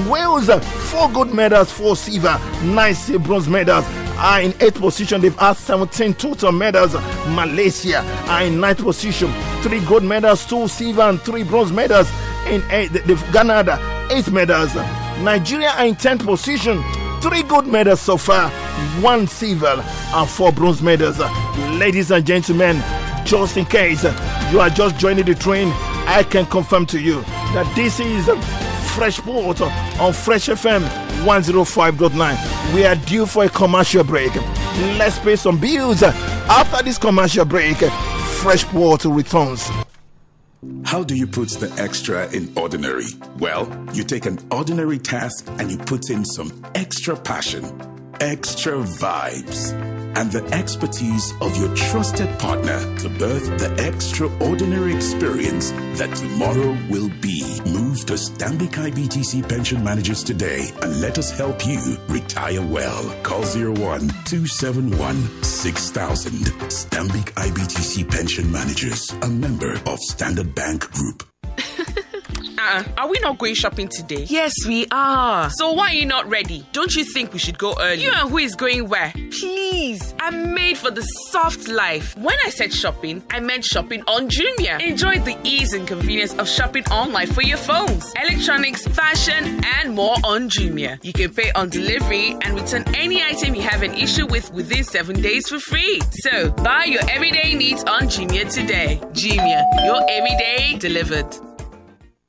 Wales, four gold medals, four silver, nine bronze medals are in eighth position. They've had 17 total medals. Malaysia are in ninth position. Three gold medals, two silver, and three bronze medals. In 8th they they've garnered eight medals. Nigeria are in 10th position. Three gold medals so far, one silver, and four bronze medals. Ladies and gentlemen, just in case you are just joining the train, I can confirm to you that this is Fresh Port on Fresh FM 105.9. We are due for a commercial break. Let's pay some bills. After this commercial break, fresh water returns. How do you put the extra in ordinary? Well, you take an ordinary task and you put in some extra passion, extra vibes and the expertise of your trusted partner to birth the extraordinary experience that tomorrow will be. Move to Stanbic IBTC Pension Managers today and let us help you retire well. Call 01 271 6000. Stanbic IBTC Pension Managers, a member of Standard Bank Group. uh Are we not going shopping today? Yes, we are. So why are you not ready? Don't you think we should go early? You and who is going where? Please, I'm made for the soft life. When I said shopping, I meant shopping on Jumia. Enjoy the ease and convenience of shopping online for your phones, electronics, fashion, and more on Jumia. You can pay on delivery and return any item you have an issue with within seven days for free. So buy your everyday needs on Jumia today. Jumia, your everyday delivered.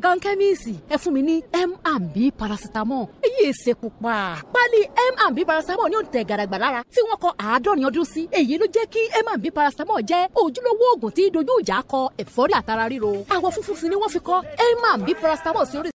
ọ̀gá kẹ́míìsì ẹ fún mi ní B paracetamol èyí èsè pupa. pálí M&B paracetamol ní òǹtẹ̀ gàràgbà lára tí wọ́n kọ àádọ́rin ọdún sí èyí ló jẹ́ kí M&B paracetamol jẹ́ ojúlówó oògùn tí dojú ìjà kọ ẹ̀fọ́rí àtara ríro. àwọ̀ funfun sì ni wọ́n fi kọ B paracetamol sí orí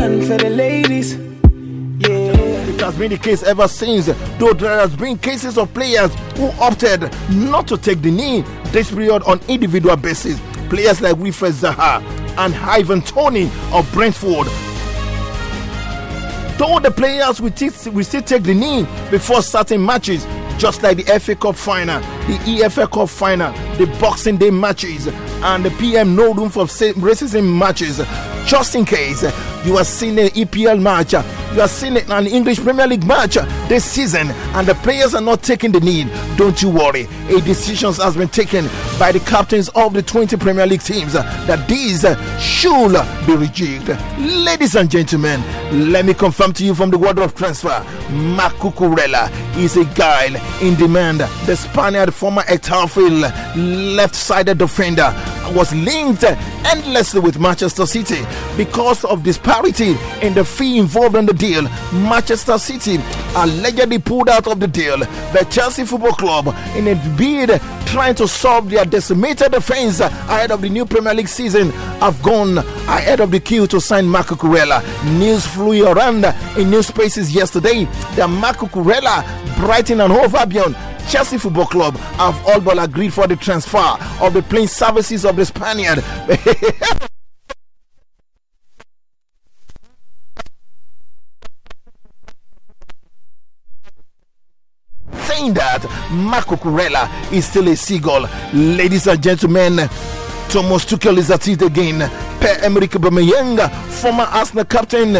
for the ladies. It has been the case ever since, though there has been cases of players who opted not to take the knee this period on individual basis. Players like Wilfred Zaha and Ivan Tony of Brentford Though the players we, t- still take the knee before starting matches, just like the FA Cup final, the EFA Cup final, the Boxing Day matches, and the PM No Room for Racism matches just in case you are seeing an EPL match, you are seeing an English Premier League match this season, and the players are not taking the need, don't you worry. A decision has been taken by the captains of the 20 Premier League teams that these should be rejigged. Ladies and gentlemen, let me confirm to you from the world of transfer, Mark Cucurella is a guy in demand. The Spaniard, former ex left-sided defender, was linked endlessly with Manchester City because of disparity in the fee involved in the deal. Manchester City allegedly pulled out of the deal. The Chelsea Football Club, in a bid trying to solve their decimated defense ahead of the new Premier League season, have gone ahead of the queue to sign Marco Kurella. News flew around in new spaces yesterday that Marco Kurella, Brighton and Hove Albion Chelsea Football Club have all but agreed for the transfer of the playing services of the Spaniard. Saying that Marco Curella is still a seagull. Ladies and gentlemen, Thomas Tuchel is at it again. Per-Emerick Aubameyang, former Arsenal captain,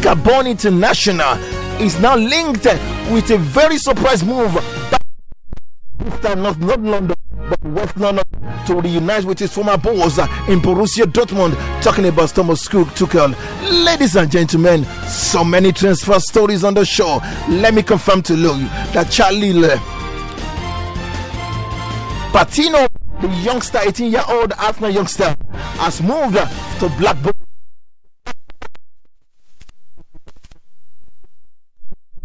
Gabon international, is now linked with a very surprise move that not, not London but West London to reunite with his former boss in Borussia Dortmund. Talking about Thomas Cook Tuchel. Ladies and gentlemen, so many transfer stories on the show. Let me confirm to you that Charlie Le Patino, the youngster, 18 year old Arsenal youngster, has moved to Blackburn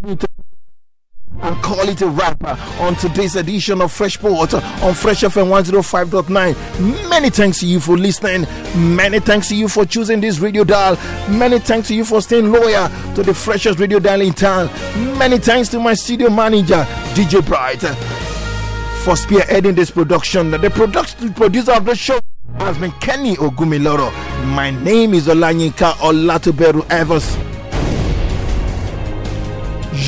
and call it a wrap uh, on today's edition of Fresh Port on Fresh FM 105.9. Many thanks to you for listening. Many thanks to you for choosing this radio dial. Many thanks to you for staying loyal to the freshest radio dial in town. Many thanks to my studio manager, DJ Bright, uh, for spearheading this production. The production producer of the show has been Kenny Ogumiloro. My name is Olanyika Olatuberu Evers.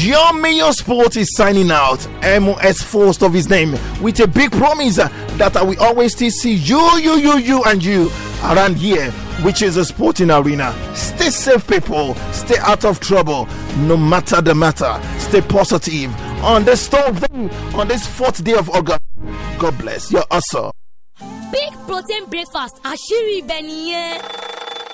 Your Mayor Sport is signing out. MOS first of his name with a big promise that I will always still see you, you, you, you, and you around here, which is a sporting arena. Stay safe, people. Stay out of trouble, no matter the matter. Stay positive on this on this fourth day of August. God bless. your hustle. Big protein breakfast. Ashiri Benny.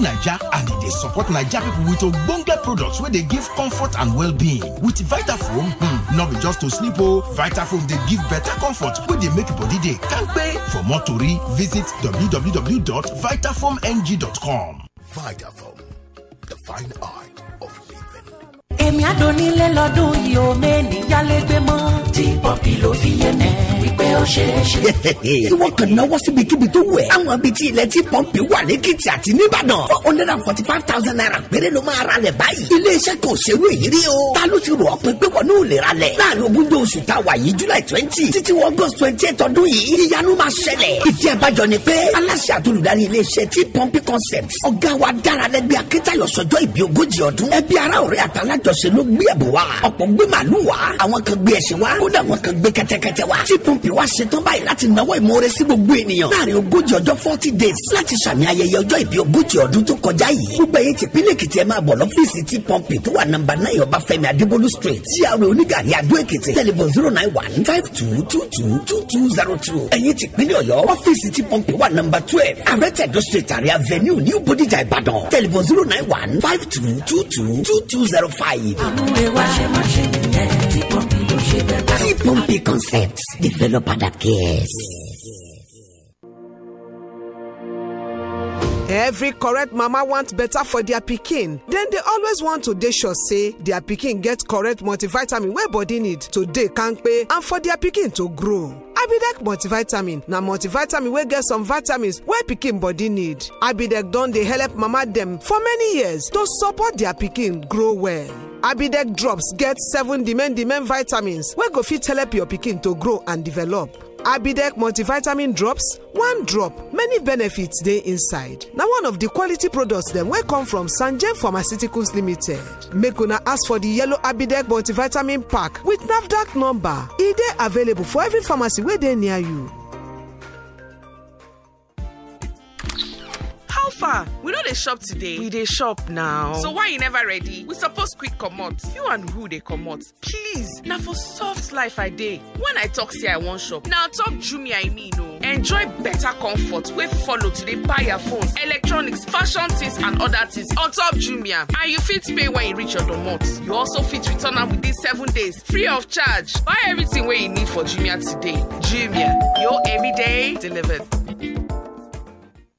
Made Naija and they support Naija people with ogbonge products where they give comfort and well-being. With Vitafoam, hmm, no just to sleep oh Vitafoam they give better comfort where they make body dey kampe. For more tori, visit www.vitafoamng.com. Vitafoam, the fine art of living. Èmi àdónílé lọ́dún yìí ò mẹ́ni yálégbé mọ́ tí pọ́ǹpì ló fi yé mi wípé ó ṣeé ṣe. ìwọ kàn náwó síbikíbi tó wẹ̀. àwọn ibi tí ilẹ̀ tí pọ́ǹpì wà lẹ́kìtì àti nìbàdàn. four hundred and forty five thousand naira péré ló máa ralẹ̀ báyìí. iléeṣẹ́ kan ò ṣerú èyí rí o. ta ló ti rò ọ́ pé pé wọn náà lè ralẹ̀. láàrin ogúnjọ́ oṣù tá a wà yìí july twenty títí wọ august twenty eight ọdún yìí ìyanu máa ṣẹlẹ̀. ìdí abájọ ni pé aláṣẹ àtolùdarí iléeṣẹ́ tí pọ́ǹpì concept ọ̀gá wa dára lẹ́gbẹ́ akíntayọ̀ sọjọ́ ìbí ogójì ọdún. ẹbí ará ọ̀rẹ́ àtàlájọṣe ló gbé ẹ̀bùn wa ọ̀pọ̀ gbé màlúù wa àwọn kan gbé ẹ̀sìn wa kódà wọn kan gbé kẹ́tẹ́kẹ́tẹ́ wa. tí pọ́ǹpì wa ṣetán báyìí láti náwó ìmoore sí gbogbo ènìyàn. láàrin ogójì ọjọ́ forty days láti sàmì ayẹyẹ ọjọ́ ìbí ogójì ọdún tó kọjá yìí. gbogbo ẹyẹ ti pínlẹ̀ èkìtì ẹ máa bọ̀ lọ́fíìsì tí pọ́ǹpì tó wà nọ́mbà náà ọbáfẹ́mi adébólú street gr onígàrí àdó èkìtì tẹlifon zero nine one five two two two two two zero two. ẹ̀yin ti pínlẹ̀ ọ̀yọ́ ọ́fíìsì tí pọ́ǹpì wà nọ́mbà twelve arẹ́tẹ̀dọ́ Deep Concepts, developer that case. Every correct mama wants better for their pikin, then they always want to dey sure say their pikin get correct multivitamin wey body need to dey kampe and for their pikin to grow. abidec multivitamin na multivitamin wey get some vitamins wey pikin body need abidec don dey help mama dem for many years to support their pikin grow well abidec drops get seven demand demand vitamins wey go fit help your pikin to grow and develop abidec multivitamin drops one drop many benefits dey inside na one of the quality products dem wey come from sanjen pharmaceuticals limited make una ask for the yellow abidec multivitamin pack with nafdac number e dey available for every pharmacy wey dey near you how far we know they shop today we they shop now so why you never ready we suppose quick comot you and who dey comot please Now for soft life i day. when i talk say i wan shop Now talk jumia i mean o oh. enjoy better comfort We follow today buy your phones electronics fashion things and other things on top jumia ah. and you fit pay when you reach your domot you also fit return am within seven days free of charge buy everything wey you need for jumia today jumia ah. your everyday delivered.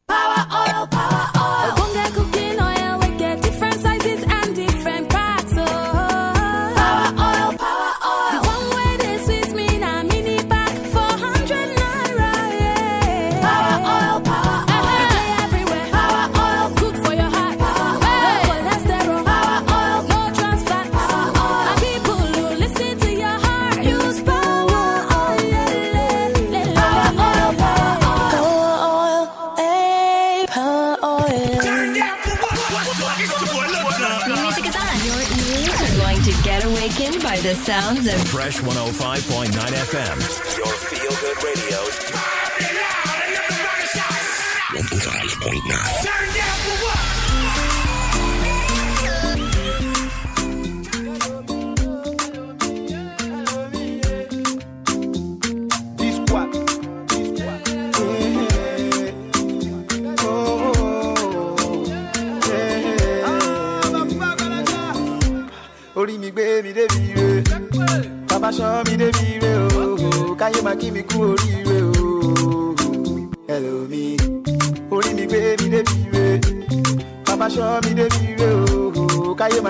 Power on. help Fresh 105.9 FM.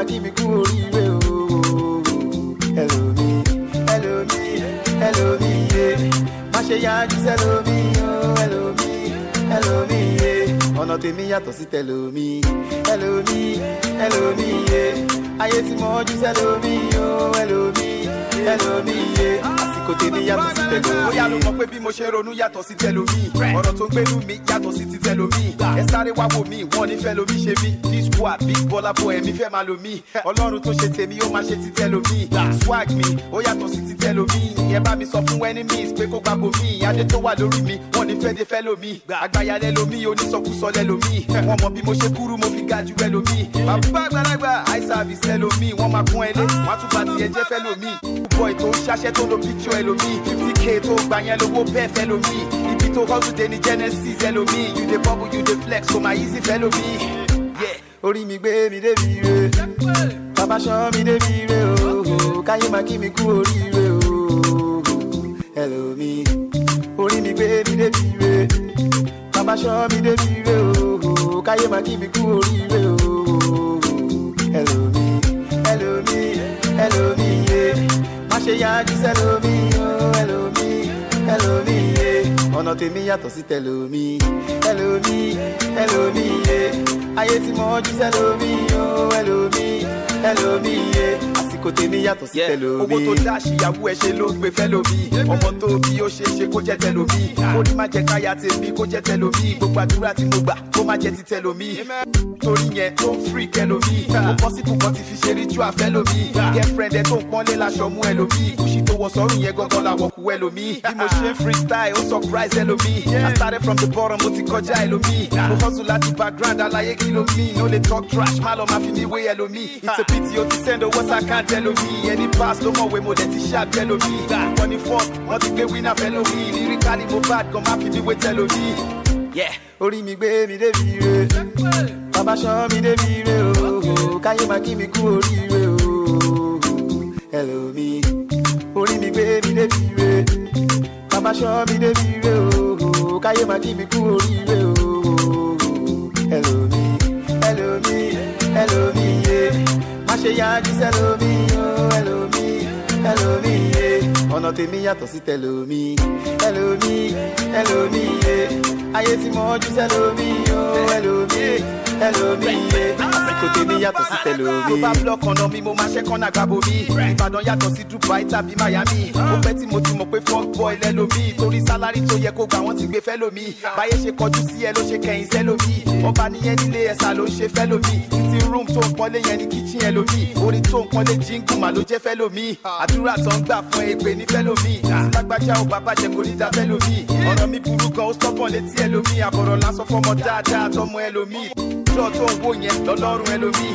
kí mi kú oríire o ẹlòmí ẹlòmí ẹlòmí yé má ṣe yájú sẹlòmí o ẹlòmí ẹlòmí yé ọ̀nà tèmi yàtọ̀ sí tẹlòmí ẹlòmí ẹlòmí yé ayé tí mo jú sẹlòmí o ẹlòmí ẹlòmí yé kò tèmi yàtọ̀ sí tẹ̀lómi. bóyá ló mọ̀ pé bí mo ṣe ronú yàtọ̀ sí tẹ̀lómi. ọ̀rọ̀ tó ń gbénu mi yàtọ̀ sí ti tẹ̀lómi. ẹ sáré wá wò mí wọ́n nífẹ̀ẹ́ lomi ṣe mí. disco àbí bọ́lá bo ẹ̀mí fẹ́ máa lomi. ọlọ́run tó ṣe tèmi ó máa ṣe ti tẹ̀lómi. swag mi ó yàtọ̀ sí tẹlomi ìyẹn bá mi sọ fún enemies pé kó gbàgbó mi adé tó wà lórí mi wọn ní fẹ́ de fẹ́ lomi àgbáyà lẹ́lomi onísọkúsọ lẹ́lomi wọn mọ bí mo ṣe kúrú mo fi ga jù ẹlòmí bàbá àgbàlagbà high service lẹ́lomi wọn máa kún ẹlé wọn á tún bá tiẹ̀ jẹ́ fẹ́ lomi bọ́ì tó ń ṣaṣẹ́ tó lo píkṣọ ẹlòmí fifty k tó gbà yẹn lówó bẹ́ẹ̀ fẹ́ lomi ibi tó hustle dé ní genesis ẹlòmí you dey bubble you dey flex so my easy fẹ́ lomi orí mi gbé mi débi re bàbá ṣọ́ mi débi re O, oh, oh, oh. káyé máa kí mi kú oríire hello mi. orí mi gbé mi débi ire bàbá ṣọ́ mi débi ire o káyé máa kí mi kú oríire o hello mi hello mi hello mi yé má ṣe yájú sẹ́lò mi o hello mi hello mi yé ọ̀nà tèmi yàtọ̀ sí tẹ̀lò mi hello mi hello mi yé ayé tí mo jú sẹ́lò mi o hello mi hello mi yé kò tẹ níyàtọ̀ sí tẹlomi. owó tó dá ṣìyàwó ẹ ṣe ló ń gbé fẹ́lómi. ọmọ tó bí ó ṣe ṣe kó jẹ́ tẹlomi. Ah. ó ní má jẹ káyà tèmi kó jẹ́ tẹlomi. gbogbo àdúrà tí mo gbà kó má jẹ ti tẹlomi. torí yẹn ó ń fírí kẹlomi. ó bọ́ sí kùkọ́ ti fi ṣe ritual fẹ́lómi. Ah. girlfriend ẹ tó ń pọ́nlé laṣọ mú ẹlòmí. kùsì tó wọ sọ́rùn yẹn gangan làwọ̀ kú ẹlòmí. bí mo ṣe freestyle ó surprise ẹlòmí. I started from the bottom mo ti kọjá ẹlòmí. Ah. mo hustle láti background aláyé kí ló mean. no le talk trash má lọ má fi mi it's a pity o ti send owó sákàndẹ ẹlòmí ẹni pass ló mọ̀wé mo dẹ̀ ti ṣàbí ẹlòmí wọ́n ní first wọ́n ti gbé winner fẹ́lòmí lyrically mo bad gan má fi mí wé tẹ́lòmí. orí mi gbé mi débi re bàbá ṣan mi débi re o káyé máa kí mi kú oríire o ẹlòmí orí mi gbé mi débi re bàbá ṣan mi débi re o káyé máa kí mi kú oríire o ẹlòmí ẹlòmí ẹlòmí yé má ṣe yájú sẹlòmí ẹlòmí ẹlòmí yé ọ̀nà tèmi yàtọ̀ sí tẹlòmí ẹlòmí ẹlòmí yé ayé tí mo jù sẹlòmí o ẹlòmí ẹlòmí yé kò tèmi yàtọ̀ sí tẹlomi. tó bá block ọ̀nà mi mo máa ṣẹ́kàn náà gbàgbó mi. ìbàdàn yàtọ̀ sí dubai tàbí miami. ó ah. pẹ́ tí mo ti mọ̀ pé funk boy lẹ́lómi. torí sálárì tó yẹ kó gbà wọ́n ti gbé fẹ́ lómi. báyé ṣe kọjú sí ẹ ló ṣe kẹ̀yìn sẹ́ lómi. ọba níyẹn nílé ẹ̀sà ló ń ṣe fẹ́ lómi. títí room tó ń pọ́nlé yẹn ní kitchen ẹ lómi. orin tó ń pọ́nlé jíngùn mà ló jẹ́ fẹ́ lómi. Ah. àdúrà tó ń gbà fún ègbè ní fẹ́ lómi. lágbájá ò bàbá jẹ kò ní da fẹ́ lómi. ọ̀rọ̀ mi burú gan ó sọ́kàn létí ẹ lómi. àbọ̀rọ̀ lásán fọmọ dáadáa tọmọ ẹ lómi ṣọ́ọ̀ tó ń wò yẹn lọ́lọ́run ẹlòmíì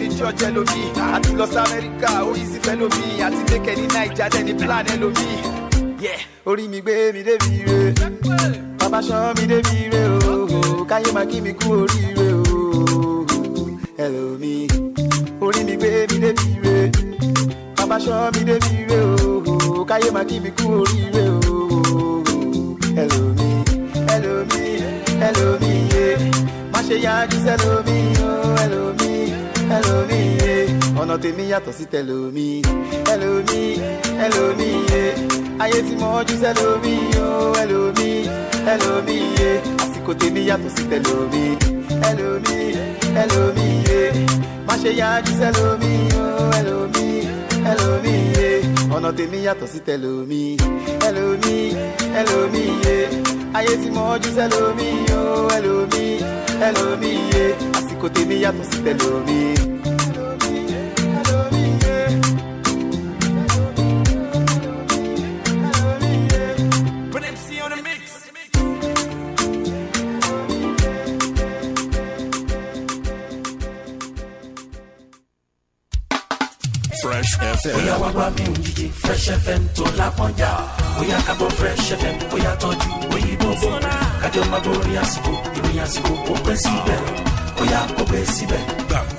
ní church ẹlòmíì àti lọ sí amẹ́ríkà ó yí sí àti lékè ní naija tẹ̀ plan ẹlòmíì. orí mi gbé mi débi re bàbá ṣan mi débi re o káyé máa kí mi kú oríire o ẹlòmíì. orí mi gbé mi débi re bàbá ṣan mi débi re o káyé máa kí mi kú oríire o ẹlòmíì ẹlòmíì ẹlòmíì má ṣe yájú sẹ́lómi o ẹlòmí ẹlòmí yé ọ̀nà tèmi yàtọ̀ sí tẹlòmí ẹlòmí ẹlòmí yé ayé tí mo jú sẹ́lómi o ẹlòmí ẹlòmí yé àsìkò tèmi yàtọ̀ sí tẹlòmí ẹlòmí ẹlòmí yé má ṣe yájú sẹ́lómi o ẹlòmí ẹlòmí yé ọ̀nà tèmi yàtọ̀ sí tẹlòmí ẹlòmí ẹlòmí yé ayé tí mo ojú sẹ́lómi o ẹlòmí ẹlòmí iye àsìkò tèmi yàtọ̀ sí tẹ̀lómi. dancing. bóyá wá wá mi ò yíye fresh fm tó lápọ́njà bóyá kábọ̀ fresh fm bóyá tọ́jú òyìnbó bò kájọ máa borí àsìkò ìròyìn àsìkò ó pẹ́ síbẹ̀ bóyá kò bẹ̀ síbẹ̀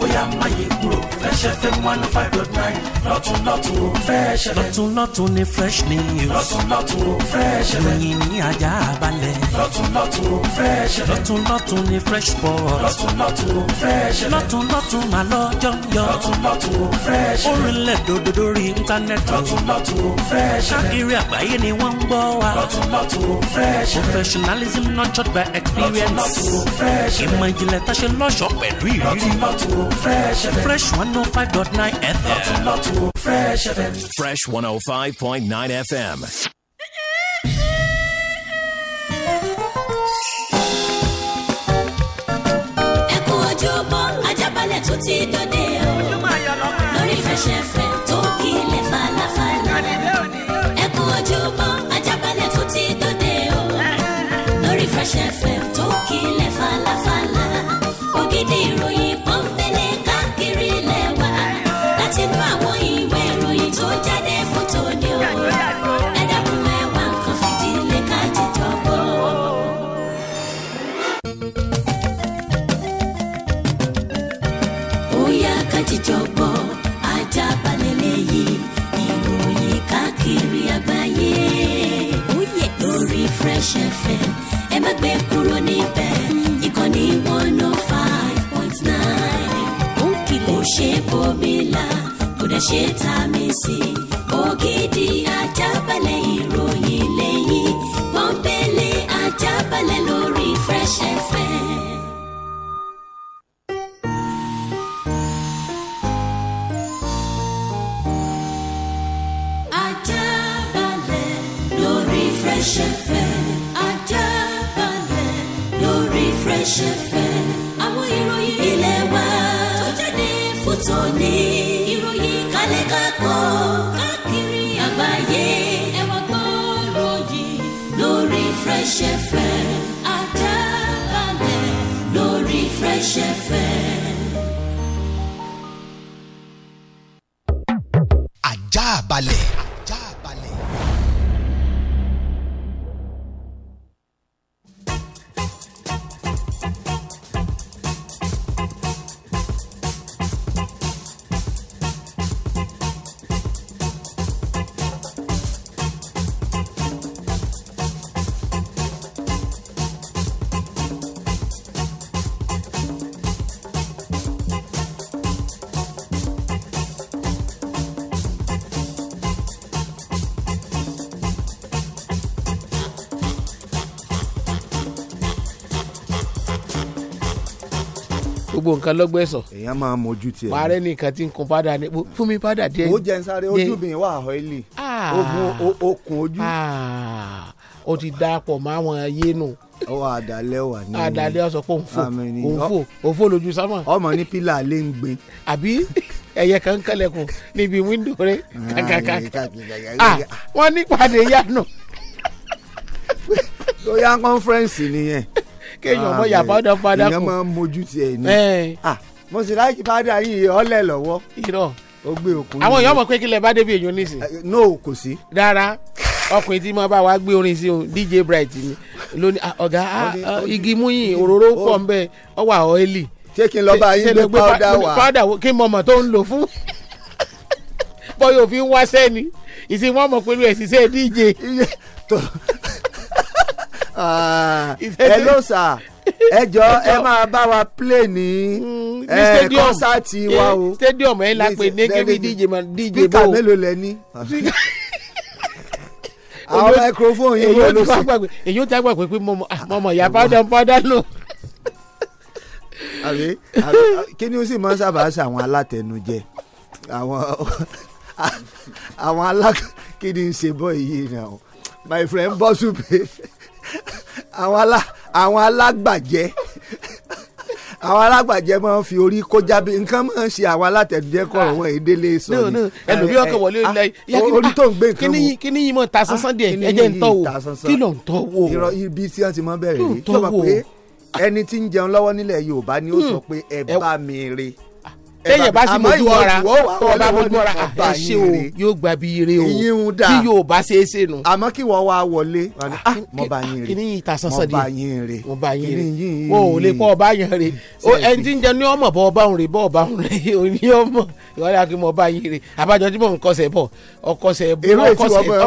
bóyá máyé kúrò fresh fm one oh five dot nine lọ́tún lọ́tún ó fresh fm. lọ́tún lọ́tún ni fresh news. lọ́tún lọ́tún ó fresh fm. ròyìn ní ajá balẹ̀. lọ́tún lọ́tún ó fresh fm. lọ́tún lọ́tún ni fresh sport. lọ́tún lọ́tún ó fresh fm. lọ́tún lọ́tún mà lọ́jọ́ yọ. lọ́tún lọ́tún ó fresh fm. orílẹ̀ dòdò lórí íńtánẹ́ẹ̀tì. lọ́tún lọ́tún ó fresh fm. káàkiri àgbáyé ni wọ́n ń fresh professionalism nurtured by experience. lọ́tún lọ́tún fresh fm. lọ́ rọ̀ṣọ̀ pẹ̀lú fresh fm. fresh fresh fm. fresh one oh five point nine fm. ẹkún ajábalẹ̀ tó ti dòde o lórí fm ẹ ṣe tá a mi sí ògidì ajábalẹ̀ ìròyìn. nǹkan lọ́gbẹ̀sọ̀. èèyàn máa mojú tiẹ̀. wàá nìkan tí n kun padà ní fún mi padà díẹ̀. ó jẹ́ nsáré ojú mi wà á ọ̀ẹ́lì. okùn ojú. o ah. ti da pọ̀ mọ́ àwọn yéénu. ọwọ́ àdàlẹ́ wà ní. àdàlẹ́ ah, ọ̀sọ̀ pé òun fò òun fò òun fò lójú sámà. ọmọ ní pílà lè ń gbin. àbí ẹyẹ kan kẹlẹ̀kùn níbi wíńdò rẹ ah, kàkàkà. wọ́n ní pàdé yánu. lóyá conference nìyẹn kéèyàn ah, mọ yàbá ọ̀dọ̀ padà máa ń mojú tiẹ̀ ni eh. ah, mo sì láì padà yìí ọ̀lẹ̀ lọ́wọ́. irọ́ ó gbé okùn. àwọn èèyàn mọ̀ pé kílẹ̀ bá débi èèyàn nísìn. Eh, no kò sí. rárá ọkùnrin tí mo bá wa gbé orin sí òun dj bright ni lónìí ah, ọ̀gá igi múyìn òróró pọ̀ ń bẹ ọwọ́ àwọn eli. ṣé kí n lọ bá yín gbé powder wá. powder kí n mọ ọmọ tó ń lò fún. bọ́yọ̀ òfin wá sẹ́ni ìsìn wọn mọ̀ pẹ̀lú ẹ̀ ṣiṣẹ́ dj. Ah. hello sir ẹ jọ ẹ máa bá wa play ní kọ́nsáàtì hmm, eh, wa eh, o stadium ẹ eh, la pe negebi dj man dj bo spika mélòó lẹ ní àwọn microphone yìí wọ́n ló sùn. èyí ó ti àgbà pé pé mọ̀mọ́ ah, ìyá powder ah, powder lò. àbí kí ni ó sì máa ń sábà ṣe àwọn alátẹnujẹ àwọn àwọn alákìdí ń ṣe bọ́ èyí náà my friend bọ́sùpé àwọn alá àwọn alágbàjẹ́ àwọn alágbàjẹ́ máa ń fi orí kó jábí nǹkan máa ń ṣe àwọn alátẹ̀dújẹ́ kọ̀rọ̀ ah. wọn èdè sọ ni. ẹlòmíràn eh, ọkọ wọlé ilẹ̀ eh, yá ah, kí tó ń gbé ah, ta sánsán díẹ̀ ẹjẹ̀ ń tọ́ wò kí ń tọ́ wò. irọ́ ibi tí wọ́n ti mọ bẹ̀rẹ̀ rí tó mọ̀ pé ẹni tí ń jẹun lọ́wọ́ nílẹ̀ Yorùbá ni ó hmm. sọ pé ẹ bá mi re tẹ́yìn bá sì mójú mọ́ra ọba mójú mọ́ra ẹ ṣe o yóò gba bí ire o bí yóò bá ṣe é ṣe nu. àmọ́ kí wọ́n wá wọlé ah, ah, mo bá yín rè mo bá yín rè mo bá yín rè o ò lè kọ́ ọba yín rè o ẹni tí ń jẹ ní ọmọ bọ́ ọba òun rè bọ́ ọba òun rè o ní ọmọ ìwádìí àti mo bá yín rè àbájọ tí mò ń kọsẹ̀ bọ̀ ọkọsẹ̀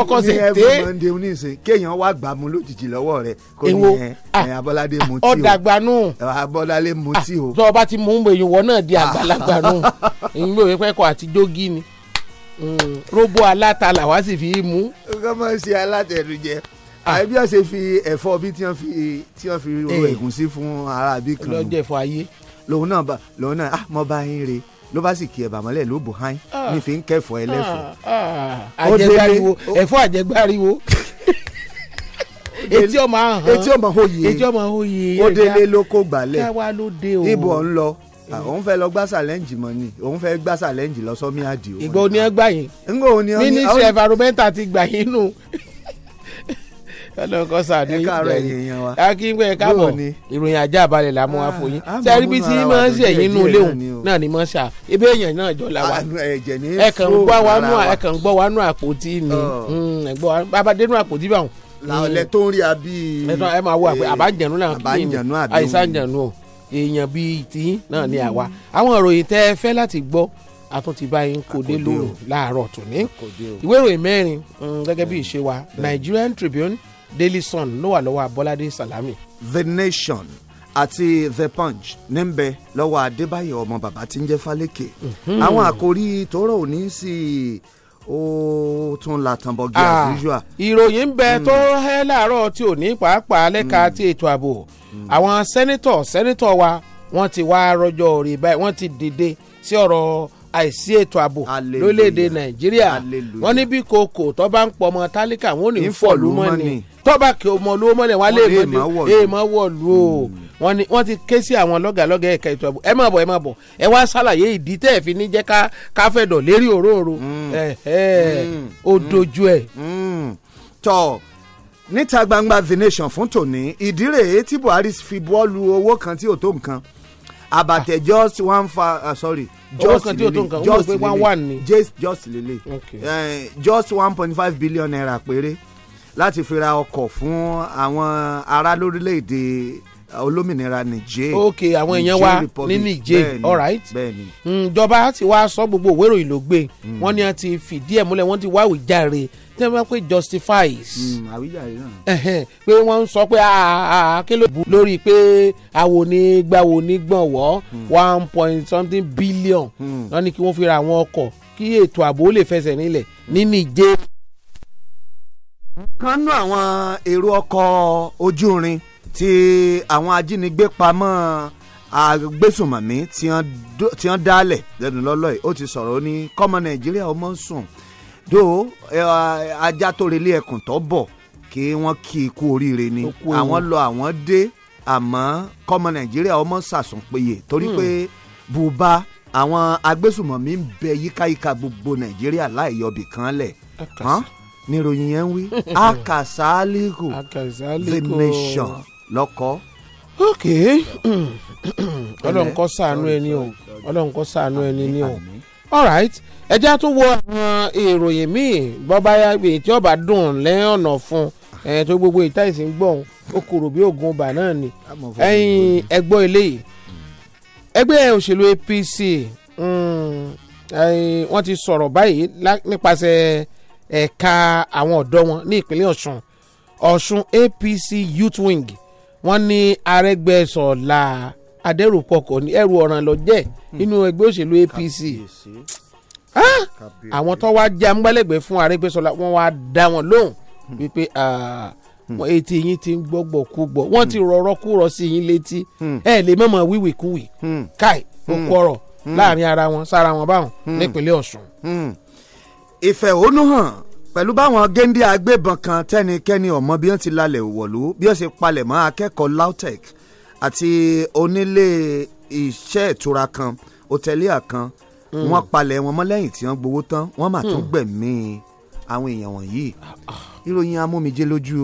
ọkọsẹ̀ té. kéèyàn wá gbà mú lójijì lọ́wọ́ rẹ̀ kò ní ah, ẹ abọ́ládé mutí ọ̀dàgbà nù abọ́ládé nù. ń gbòòwé pẹ́kọ̀ àti jógí ni mm, robo aláta làwa sì fi mú. nǹkan máa ń ṣe alátẹnujẹ ah. àbí ọ̀sẹ̀ fi ẹ̀fọ́ bí tí wọ́n fi tí wọ́n fi ro eh. ẹ̀gúsí fún ara bí kan. lọ́jọ́ ẹ̀fọ́ ayé. lòun náà bá lòun náà ah mo bá yín re ló bá sì kí ah. ẹ bàmọ́lẹ̀ ló bò hán nífi ń kẹfọ́ ẹlẹ́fọ́. àjẹgbáriwo ẹ̀fọ́ àjẹgbáriwo etí ọmọ ahàn etí ọmọ hoye ó délé ló kó gbálẹ̀ káwa ń lọ Ah, òun fẹ́ lọ gbá sàlẹ́ǹjì mọ́ ni òun fẹ́ gbá sàlẹ́ǹjì lọ sọ́mi àdìo. ìgbà òní ẹ gbà yín mínísítì environmental ti gbà yín nù ọlọ́run kọ́ sàánú yìí jẹ́ yìí káàbọ̀ ìròyìn ajá balẹ̀ la mú wa ah, fún yín sẹ́rí bí tí máa ń ṣe ẹ̀yìn inú léwu náà ni máa ń ṣà èèyàn náà jọ la wa ẹ̀kàn ń gbọ́ wa nù ẹ̀kàn ń àpótí ni hmm, ẹ̀gbọ́ bàbá dénú àpótí bá wọn. làwọn lẹ tó ń rí abí. ẹ máa wo àbájẹnu náà kí ni èèyàn bíi tiyín náà ni àwa àwọn ìròyìn tẹ́ ẹ fẹ́ láti gbọ́ àtúntì báyìí ń kòdé lóru láàárọ̀ tòní ìwé ìròyìn mẹ́rin mm, gẹ́gẹ́ bí ìṣe wa Nigerian Tribune Daily Sun ló wà lọ́wọ́ Abọ́ládé Salami. The Nation àti the punch níbẹ̀ lọ́wọ́ adébáyọ̀ ọmọ bàbá tí ń jẹ́ fálékè mhm. àwọn àkòrí tòró òní sí i ó tún la tànbọ̀gì as ah, usual. ìròyìn bẹ hmm. tó hẹ́ láàárọ̀ tí ò ní pàápàá lẹ́ka hmm. ti ètò ààbò hmm. àwọn sẹ́nitọ̀ sẹ́nitọ̀ wa wọ́n ti wá rọjò rí báyìí wọ́n ti dìde sí ọ̀rọ̀ àìsí ètò ààbò lórílẹ̀‐èdè nàìjíríà wọ́n ní bí kòkò tó bá ń pọ̀ ọmọ tálíkà wọ́n ò ní fọ̀lú mọ́ni tó bá kí ọmọ olówó mọ́ni wọ́n á lè mọ́ wọ̀lú o wọ́n ní wọ́n ti ké sí àwọn lọ́gàlọ́gà ẹ̀ka ètò ààbò ẹ má bọ̀ ẹ má bọ̀ ẹ wá ṣàlàyé ìdí tẹ́ ẹ fi ní jẹ́ ká ká fẹ̀dọ̀ lérí òróòro mm. ó mm. dojú ẹ̀. Mm. tọ́ níta gbangba The Nation fún tòní ìdí rèé tí Buhari fi bọ́ọ̀lù owó kan tí ò tó nǹkan àbàtẹ just one fa ah, sorry just lele just lele just just lele eh, just one point five billion naira péré láti fi ra ọkọ̀ fún àwọn ará lórílẹ̀‐èdè olómìnira niger ok àwọn èèyàn wa ní niger alright hmm, ìjọba ti wá sọ gbogbo òwe ìròyìn ló gbé hmm. wọn ni a ti fìdí ẹ̀ múlẹ̀ wọ́n ti wá àwíjàre tí wọ́n bá pè justifies hmm, pé wọ́n ń sọ pé ah, ah, ah, kí ló bu lórí pé àwọn onígbàwò onígbọ̀nwọ́ one point something billion wọ́n ní kí wọ́n fi ra àwọn ọkọ̀ kí ètò ààbò lè fẹsẹ̀ nílẹ̀ ní niger. kan nú àwọn èrò ọkọ̀ ojú irin tí àwọn ajínigbé pamọ́ agbésùnmọ̀mí tí wọ́n dálẹ̀ lẹ́nu lọ́lọ́ yìí ó ti sọ̀rọ̀ ó ní kọ́mọ nàìjíríà ó mọ̀ ń sùn dó ajá tó relé ẹkùn tó bọ̀ kí wọ́n kí ikú oríire ni àwọn lọ àwọn dé àmọ́ kọ́mọ nàìjíríà ó mọ̀ sàsùn péye torí hmm. pé bùbá àwọn agbésùnmọ̀mí ń bẹ yíkáyíká gbogbo nàìjíríà láì yọbì kan lẹ̀ níròyìn yẹn ń wí akasaaliku the nation lọ́kọ́. ok ọlọ́run kó ṣàánú ẹni o ọlọ́run kó ṣàánú ẹni ni o alright ẹjẹ́ tó wo àwọn ìròyìn míì bọ́bá yá gbé tí ọba dùn lẹ́yìn ọ̀nà fún ẹ̀ tó gbogbo ìta ìsìn gbọ̀n ó kúrò bí oògùn ọba náà ni ẹ̀yin ẹgbọ́ eléyìí ẹgbẹ́ òṣèlú APC mm, wọ́n ti sọ̀rọ̀ báyìí nípasẹ̀ ẹ̀ka àwọn ọ̀dọ́ wọn ní ìpínlẹ̀ Ọ̀ṣun Ọ̀ṣun APC Youth Wing wọ́n ní Arẹ́gbẹ́ṣọlá adẹrùpọkọ ní ẹrù ọ̀ràn lọ jẹ nínú ẹgbẹ́ òṣèlú APC àwọn tó wá jẹ amúgbálẹ́gbẹ̀ẹ́ fún Arẹ́gbẹ́ṣọlá wọ́n wá dá wọn lóhùn wípé hmm. wọn etí yín ti ń gbọ́gbọ̀ kú gbọ́ wọ́n ti hmm. rọ̀rọ̀ kúrọ̀ sí yín létí hmm. ẹ lè mọ̀mọ́ wíwì kúwì káì ó kọ̀rọ̀ láàrin ara wọn sára wọn báwọn nípínlẹ̀ Ọ̀ṣun. ìfẹ̀hónúhàn pẹ̀lú báwọn géńdé agbébọn kan tẹ́nikẹ́ni ọ̀mọ́ bí wọ́n ti lalẹ̀ wọ̀lú bí wọ́n ṣe palẹ̀ mọ́ akẹ́kọ̀ọ́ LAUTECH àti onílé iṣẹ́ ìtura kan hòtẹ́líà kan hmm. wọ́n palẹ̀ wọn mọ́ lẹ́yìn tí wọ́n gbowó tán wọ́n mà tún hmm. gbẹ̀mí àwọn èèyàn wọ̀nyí ah. ìròyìn amómijé lójú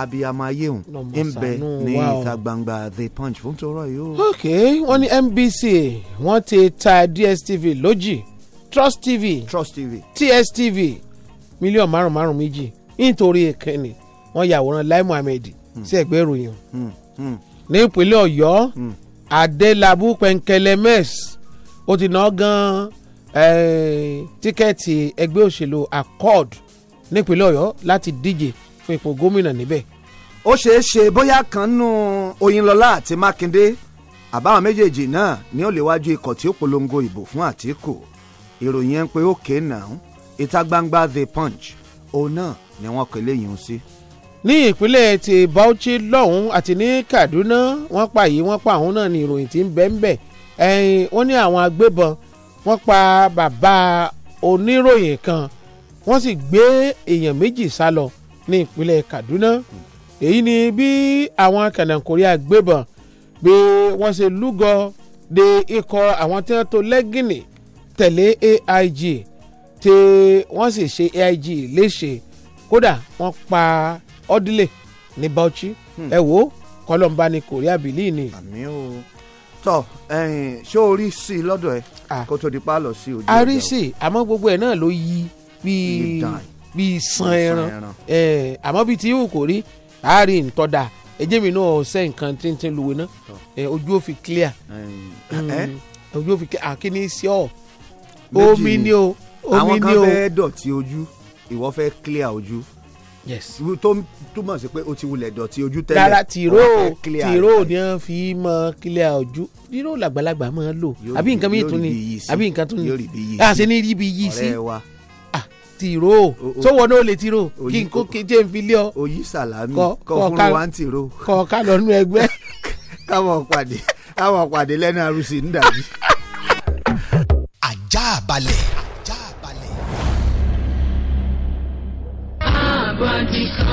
abiyamọ ayéhùn ń bẹ ní ìta gbangba the punch fún tòrọ yìí o. ok wọ́n ní MBC wọ́n ti ta DSTV lójì Trust TV Trust TV TSTV mílíọ̀nù márùn márùn méjì nítorí ìkànnì wọn yàwòrán Lai Muhammed hmm. sí ẹgbẹ́ ìròyìn hmm. Hmm. ní ìpínlẹ̀ Ọ̀yọ́ Adélábù Pẹ̀ǹkẹ̀lẹ̀ mess ó ti ná gan tíkẹ́ẹ̀tì ẹgbẹ́ òṣèlú Accord nípínlẹ̀ Ọ̀yọ́ láti díje fún ipò gómìnà níbẹ̀. ó ṣeé ṣe bóyá kan nú Oyinlọlá àti Mákindé àbáwọn méjèèjì náà ni ó léwájú ikọ̀ tí ó polongo ìbò fún Àtíkù ìròyìn ẹ̀ ń pe ó kéènà. Okay ìta gbangba the punch òun náà ni wọ́n kọ eléyìí ń sí. ní ìpínlẹ̀ ti Bauchi lọ́hùn àti ní Kaduna wọ́n pa yìí wọ́n pa àwọn náà ní ìròyìn tí ń bẹ́ẹ̀ ń bẹ̀ ẹ̀yìn wọ́n ní àwọn agbébọn wọ́n pa bàbá oníròyìn kan wọ́n sì gbé èèyàn méjì sá lọ ní ìpínlẹ̀ Kaduna èyí ni bí àwọn kànáńkórí agbébọn bí wọ́n ṣe lúgọ de ikọ̀ àwọn tí wọ́n tó lẹ́gìnì tẹ̀lé AIG tí wọ́n sì ṣe AIG léṣe kódà wọ́n pa ọ́dílé ní Bauchi hmm. ẹ wo kọlọ́mbà ní Korea bìlí ni. àmì o tọ ṣé o rí sí i lọ́dọ̀ ẹ kó tó di pálọ̀ sí òde ìjọba. a rí sí i àmọ́ gbogbo ẹ̀ náà ló yí bíi bíi san ẹran àmọ́ bíi ti yóò kò rí a rí ntọ́da ẹjẹ́ mi náà ṣe nǹkan tíntín luwe ná ojú ò fi clear hmm. ojú ò fi clear àkíní sí ọ omi ni o àwọn kan fẹ́ dọ̀tí ojú ìwọ fẹ́ clear ojú yes. tó túmọ̀ sí pé o ti wulẹ̀ dọ̀tí ojú tẹ́lẹ̀ rárá tìró tìró ni wọ́n fi mọ kílẹ̀ ojú tìró làgbàlagbà máa lò àbí nǹkan mi tún ni àbí nǹkan tún ni a ṣe ní ríbi yìí sí tìró sọwọ́ náà lè tìró kí n kó kéje n fi lé ọ. oyi salami kọ fún wa ń tìró. kọ ká lọ nú ẹgbẹ́. káwọn pàdé káwọn pàdé lẹ́nu arúsì ń dàbí. ajá balẹ̀. Because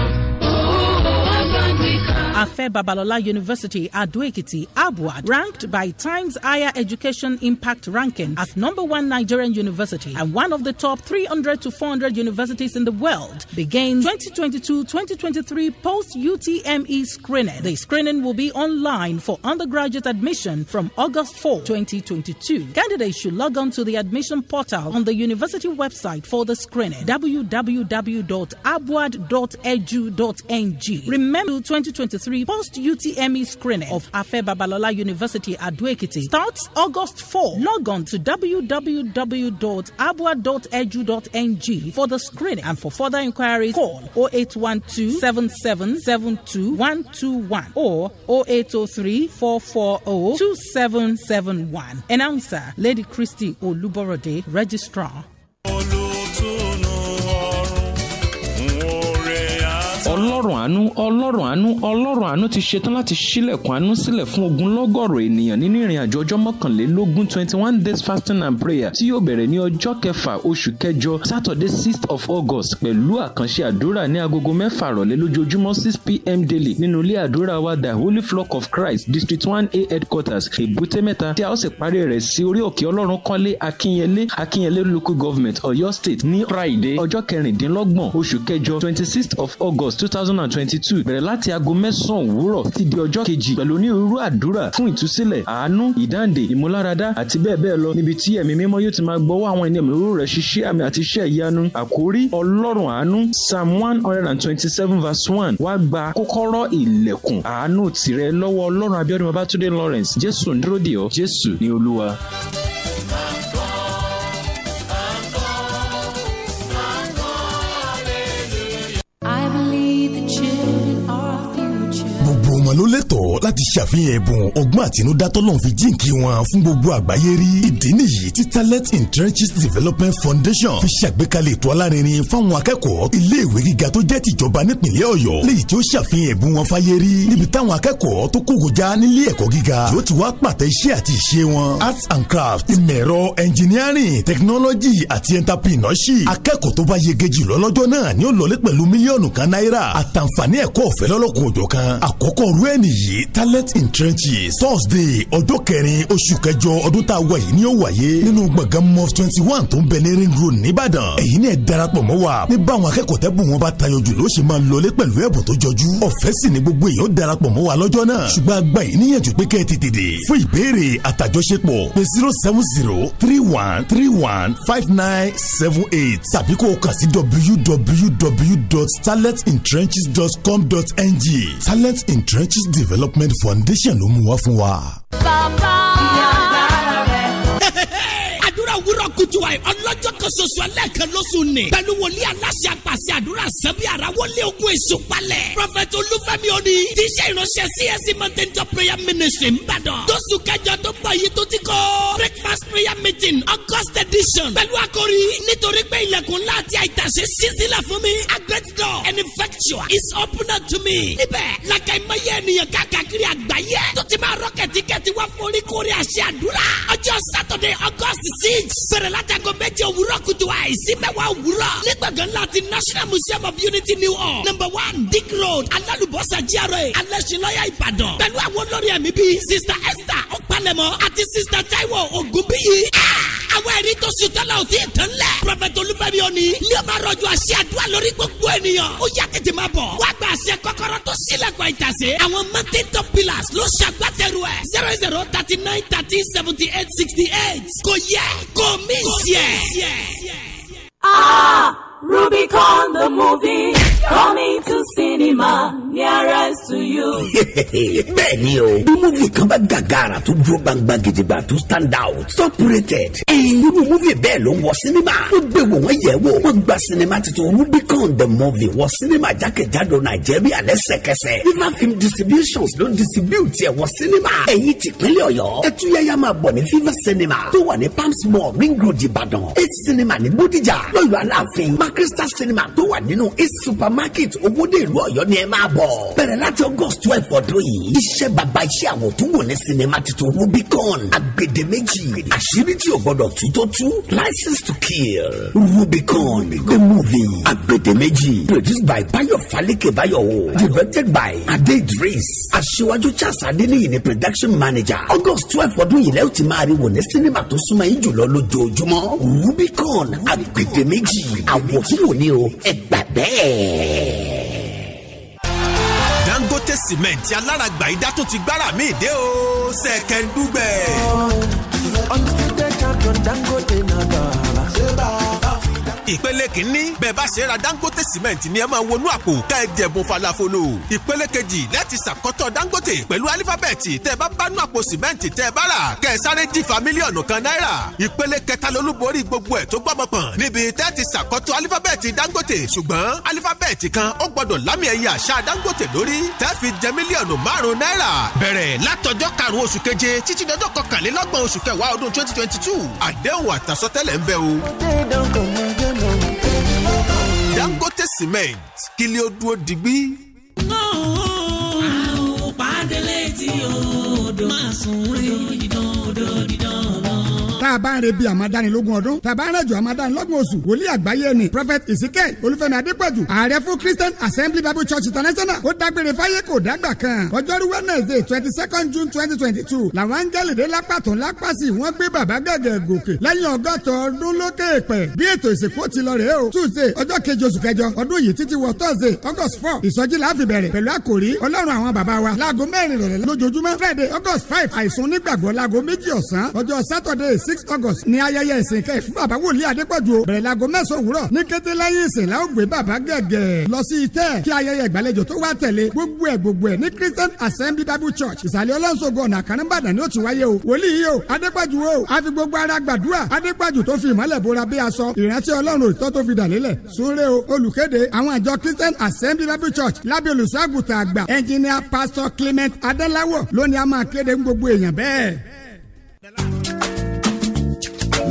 Afe Babalola University, Aduekiti, Abuad, ranked by Times Higher Education Impact Ranking as number one Nigerian university and one of the top 300 to 400 universities in the world, begins 2022-2023 post-UTME screening. The screening will be online for undergraduate admission from August 4, 2022. Candidates should log on to the admission portal on the university website for the screening, www.abuad.edu.ng. Remember 2023 Three post UTME screening of Afe Babalola University at Duekiti starts August 4. Log on to www.abua.edu.ng for the screening and for further inquiries call 0812 121 or 0803 440 2771. Announcer Lady Christy Oluborode, Registrar. ọlọ́run àánú ọlọ́run àánú ọlọ́run àánú ti ṣetán láti ṣílẹ̀kùn àánú sílẹ̀ fún ogunlọ́gọ̀rọ̀ ènìyàn nínú ìrìn àjò ọjọ́ mọ́kànlélógún twenty one days fasting and prayer tí yóò bẹ̀rẹ̀ ní ọjọ́ kẹfà oṣù kẹjọ saturday sixth of august pẹ̀lú àkànṣe àdúrà ní agogo mẹ́fà rọ̀lẹ́ lójoojúmọ́ six pm daily nínú ilé àdúrà wa the holy flock of christ district one a headquarters èbúté mẹ́ta tí a ó sì parí rẹ̀ sí orí òkè ọlọ́run kọ́lé akínyẹlé akínyẹlé local government ọ̀yọ́ state ní friday ọjọ́ kẹrìndínlọ́gbọ̀n oṣù kẹjọ twenty sixth of august two thousand and twenty-two bẹ̀rẹ̀ láti aago mẹ́sàn-án òwúrọ̀ ti di ọjọ́ kejì pẹ̀lú onírúurú àdúrà fún ìtúsílẹ̀ àánú ìdáǹdè ìmúláradá àti bẹ́ẹ̀ bẹ́ẹ̀ lọ níbi tí ẹ̀mí mímọ́ yóò ti máa gbọ́wọ́ àwọn ènìyàn lóró rẹ̀ ṣiṣẹ́ àmì àti iṣẹ́ ìyanu àkórí ọlọ́run àánú psalm one verse one wá gba kọ́kọ́rọ́ ilẹ̀kùn àánú tìrẹ lọ́wọ́ ọlọ́run abíọ́dún babátúndé lawrence jésù ń dúró dè jésù ni olúwa. ló lẹ́tọ̀ọ́ láti ṣàfihàn ẹ̀bùn ọgbọ́n àtinúdá tọ́lọ́run fi jíǹkí wọn fún gbogbo àgbáyé rí. ìdí nìyí tí talent in trenches development foundation fi ṣàgbékalẹ̀ ètò alárinrin fáwọn akẹ́kọ̀ọ́ iléèwé gíga tó jẹ́ tìjọba nípìnlẹ̀ ọ̀yọ́ léyìí tí ó ṣàfihàn ẹ̀bùn wọn fáyé rí níbi táwọn akẹ́kọ̀ọ́ tó kógojá nílé ẹ̀kọ́ gíga yóò ti wá pàtẹ iṣẹ́ àti ìṣe wọn arts and crafts ìmọ̀ engineering technology àti entrepreneurship akẹ́kọ̀ọ́ tó bá yege jùlọ lọ́jọ́ náà ni ó lọlé pẹ̀lú mílíọ̀nù kan náírà àtàǹfààní ẹ̀kọ́ ọ̀fẹ́ lọ́lọ́kùnjọ̀kan àkọ́kọ́ rú irú ènìyí talent in trenches thursday ọjọ́ kẹrin oṣù kẹjọ ọdún tá a wà yìí ni ó wáyé nínú gbọ̀ngàn mọ́f twenty one tó ń bẹ ní ring road nìbàdàn èyí ni ẹ darapọ̀ mọ́ wa ní báwọn akẹ́kọ̀ọ́ tẹ́bùn wọn bá tayọ jù ló ṣe máa lọlé pẹ̀lú ẹ̀bùn tó jọjú ọ̀fẹ́ sì ni gbogbo èèyàn darapọ̀ mọ́ wa lọ́jọ́ náà ṣùgbọ́n àgbà yìí níyànjú pé kẹ́ ẹ tètè dé fún ìbéèrè àtàjọṣepọ̀ pé zero seven zero three one three one five nine seven eight tàbí kó o kàn sí www.talentintrenches.com.ng talent in trenches churches development foundation ló mú wá fún wa. bàbá ìyá òwúrọ̀ kùtù àì ọlọ́jọ́ kan ṣoṣo ẹlẹ́ẹ̀kan lóṣù ni pẹ̀lú wòlíì aláṣẹ àpàṣẹ àdúrà sẹ́bí ara wọlé ogun èṣù palẹ̀ prophet olúfẹ́mi oní ti ṣe csc mountain top prayer ministry ńbàdàn tóṣù kẹjọ tó ń bọ̀ yìí tó ti kọ́ breakfast prayer meeting august edition pẹ̀lú akọrí nítorí pé ilẹ̀kùn láti àìtàṣe ṣíṣílẹ̀ fún mi a great door and effectual is open to me níbẹ̀ làkà ìmọ̀yẹ ènìyàn káàkiri àgbáyé tó ti máa rọ́kẹ̀tì kẹ́tì wá forí kórè àṣẹ àdúrà ọjọ́ saturday august six bẹ̀rẹ̀ látago méje òwúrọ̀ kùtù àìsí mẹ́wàá òwúrọ̀ nígbàgbọ́n láti national museum of unity new york number one dick road alálùbọ́sà GRA alẹ́sìnlọ́yà ìbàdàn pẹ̀lú àwọn olórí ẹ̀mí bíi sista esther ọ̀pálẹ̀mọ́ àti sista taiwo ògúnbíyì. Ah! àwọn ẹ̀rí tó sì tọ́lá ò tí ì tán lẹ̀. pọfẹtọ olúfẹ́mi òní ni ó máa rọ̀jò àṣẹ àdúrà lórí gbogbo ènìyàn. ó yá tètè máa bọ̀. wá gba àṣẹ kọ́kọ́rọ́ tó sílẹ̀kùn àìtàsé. àwọn mountain top pillars ló ṣàgbátẹrù ẹ̀. zero zero thirty nine thirteen seventy eight sixty eight. kò yẹ kò mí sí ẹ̀. ah Rubicon the movie coming to cinema nearest to you. bẹ́ẹ̀ ni o bí múfì kan bá gàgàrà tó dúró gbangba gidigba tó stand out top rated ẹ̀yin irú múfì bẹ́ẹ̀ ló ń wọ sinima wọ́n gbé wò wọ́n yẹ̀ wò wọ́n gba sinima titun Rubicon the movie wọ sinima jákèjádò Nàìjíríà lẹ́sẹ̀kẹsẹ̀ River Film Distributions ló distribute ẹ̀ wọ sinima ẹ̀yin tìpínlẹ̀ Ọ̀yọ́ ẹtúyẹyà máa bọ̀ ní Fever Cinema tó wà ní Palms Mall Ring Road Ìbàdàn eight cinema ní Bódìjà lọ́yọ̀ Aláàfin má Crystal Cinema tó wà nínú East Supermarket Owódé ìlú Ọ̀yọ́ ni ẹ máa bọ̀. Bẹ̀rẹ̀ láti August twelve ọdún yìí. Iṣẹ́ bàbá iṣẹ́ àwọn tó wò ní sinimá titun Rubicon Agbedeméjì. Àṣírí tí o gbọ́dọ̀ tú tó tú. License to kill. Rubicon the movie Agbedeméjì. Produced by Bayo Falike Bayowo. Directed by Ade Idris. Aṣíwájú Charles Adeniyi ni production manager. August twelve ọdún yìí lẹ́yìn tí máa rí wò ní sinimá tó súnmọ́ yín jùlọ lójoojúmọ́. Rubicon Agbedeméjì. Àwọn àmọ̀túwò ni o ẹ gbà bẹ́ẹ̀. Dangote cement aláràgbà idá tó ti gbára mi dé o ṣẹ̀kẹ̀ ń dúgbẹ̀. undisputed champion Dangote ìpele kìíní bẹ́ẹ̀ bá ṣe ra dangote cement ni ẹ máa wọnú àpò tẹ́ ẹ jẹ̀bùn falafolo ìpele kejì lẹ́ẹ̀tì ṣàkọ́tọ̀ dangote pẹ̀lú alifábẹ́ẹ̀tì tẹ́ ẹ bá bánú àpò cement tẹ́ ẹ bá rà kẹ́ ẹ sáré jìfà mílíọ̀nù kan náírà ìpele kẹta lolúborí gbogbo ẹ̀ tó gbọ́mọ pọ̀n níbi tẹ́ẹ̀tì ṣàkọ́tọ̀ alifábẹ́ẹ̀tì dangote ṣùgbọ́n alifábẹ́ẹ̀tì kan ó gbọ́dọ̀ lámì ẹ̀yà àṣà dangote lórí tẹ́ẹ̀ fi jẹ mílíọ̀nù márùn-ún náírà bẹ̀rẹ̀ látọjọ́ karùn-ún oṣù keje títí dọjọ́ kọkànlélọ́gbọ̀n oṣù kẹwàá ọdún twenty twenty two àdéhùn àtàsọtẹ́lẹ̀ ń bẹ o. Dangote cement kí lè ó dúró digbí. tá a bá ń rebi àmàdánilógún ọdún tá a bá ń rẹ̀jọ àmàdánilógún oṣù wòlíì àgbáyé ni prophet ezekiel olúfẹ́mi adépọ̀jù ààrẹ fún christian assembly bible church international ó dágbére fáyé kò dágbà kan ọjọ́rú wednesday twenty second june twenty twenty two làwọn áńgẹ́lì dé lápàtó lápàsì wọ́n gbé bàbá gẹ́gẹ́ gòkè lẹ́yìn ọgọ́tọ̀ ọdún lókè pẹ̀ bí ètò ìsìnkú ti lọ rèé o tuesday ọjọ́ keje oṣù kẹjọ ọdún yìí títí wọ thursday august four ìsọjí la fi bẹ̀rẹ̀ pẹ̀lú àkòrí ọlọ́run àwọn bàbá wa láago mẹ́rin rẹ̀ lójoojúmọ́ friday august five àìsùn nígbàgbọ́ láago méjì ọ̀sán ọjọ́ saturday six six august ní ayẹyẹ ìsìn kẹ́ fún bàbá wòlíì adépọ̀jù o bẹ̀rẹ̀ láago mẹ́sàn-án òwúrọ̀ ní kété lẹ́yìn ìsìn la ó gbé bàbá gẹ̀gẹ̀ lọ sí itẹ́ kí ayẹyẹ ìgbàlejò tó wá tẹ̀lé gbogbo ẹ̀ gbogbo ẹ̀ ní christian assembly bible church ìsàlẹ̀ ọlọ́sọ̀gọ̀ ọ̀nà àkànnìbàdàn ni ó ti wáyé o wòlíì yìí o adépọ̀jù o a fi gbogbo ara gbàdúrà adépọ̀jù tó fi ìmọ̀lẹ̀ bora bí aṣọ ìrántí ọlọ́run òtítọ́ tó fi dà lélẹ̀ súnre o olùkéde àwọn àjọ christian assembly bible church lábẹ́ olùṣọ́ àgùntàn àgbà engineer pastor clement adéláwọ̀ lónìí a máa kéde gbogbo èèyàn bẹ́ẹ̀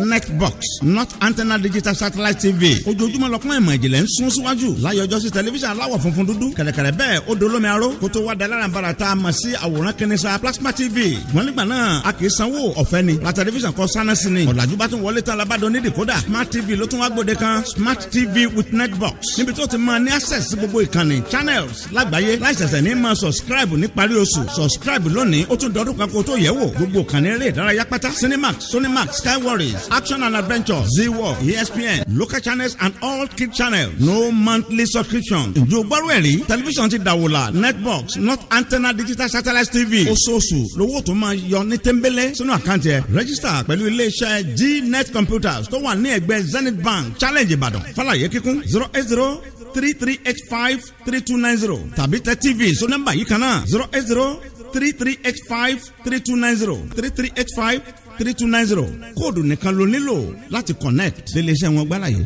netbox not antenna digital satellite tv ojoojúmọ́ lọ́kùn ìmọ̀ ìjìnlẹ̀ ń sún síwájú láyọjọ́ sí tẹlifíṣàn aláwọ̀ funfun dúdú kẹ̀lẹ̀kẹ̀lẹ̀ bẹ́ẹ̀ ó dolómi aró kó tó wá daláràn bara tá a mọ̀ sí àwòrán kẹnisa plasma tv wọn nígbà náà a kì í sanwó ọ̀fẹ́ ni ra tẹlifíṣàn kọ sánẹ́sì ni ọ̀làjú bá tún wọlé tán labádọ́ ní dìkódà smart tv ló tún wá gbòde kan smart tv with netbox níbi tó ti máa ní access sí gbogbo ìkànnì channels lágbàáyé láìsẹ̀sẹ̀ ní máa subscribe níparí oṣù subscribe lónìí ó tún dọ́dún kan kó tó yẹ̀ wò gbogbo ìkànnì eré ìdárayá pátá cinemax sonymax skywarriors Action and Adventure, Z World, ESPN, local channels and all kid channels. No monthly subscription. Ìjọgbọ́rú ẹ̀rí tẹlifíṣàn ti dàwòlà netbox not antenna digital satellite TV. Oṣooṣù lówó tó máa yọ ní tẹ́ńbélé sínú àkáǹtì ẹ̀. Rẹ́gísítà pẹ̀lú iléeṣẹ́ net Computers tó wà ní ẹgbẹ́ Zenith Bank Challenge Ìbàdàn. Fálàyé kíkún zero eight zero three three eight five three two nine zero tàbí tẹ TV sọ nọ́mbà yìí kan náà zero eight zero three three eight five three two nine zero three three eight five three two nine zero kóòdù nìkan ló nílò láti connect lè lè ṣe wọn gbálàyé.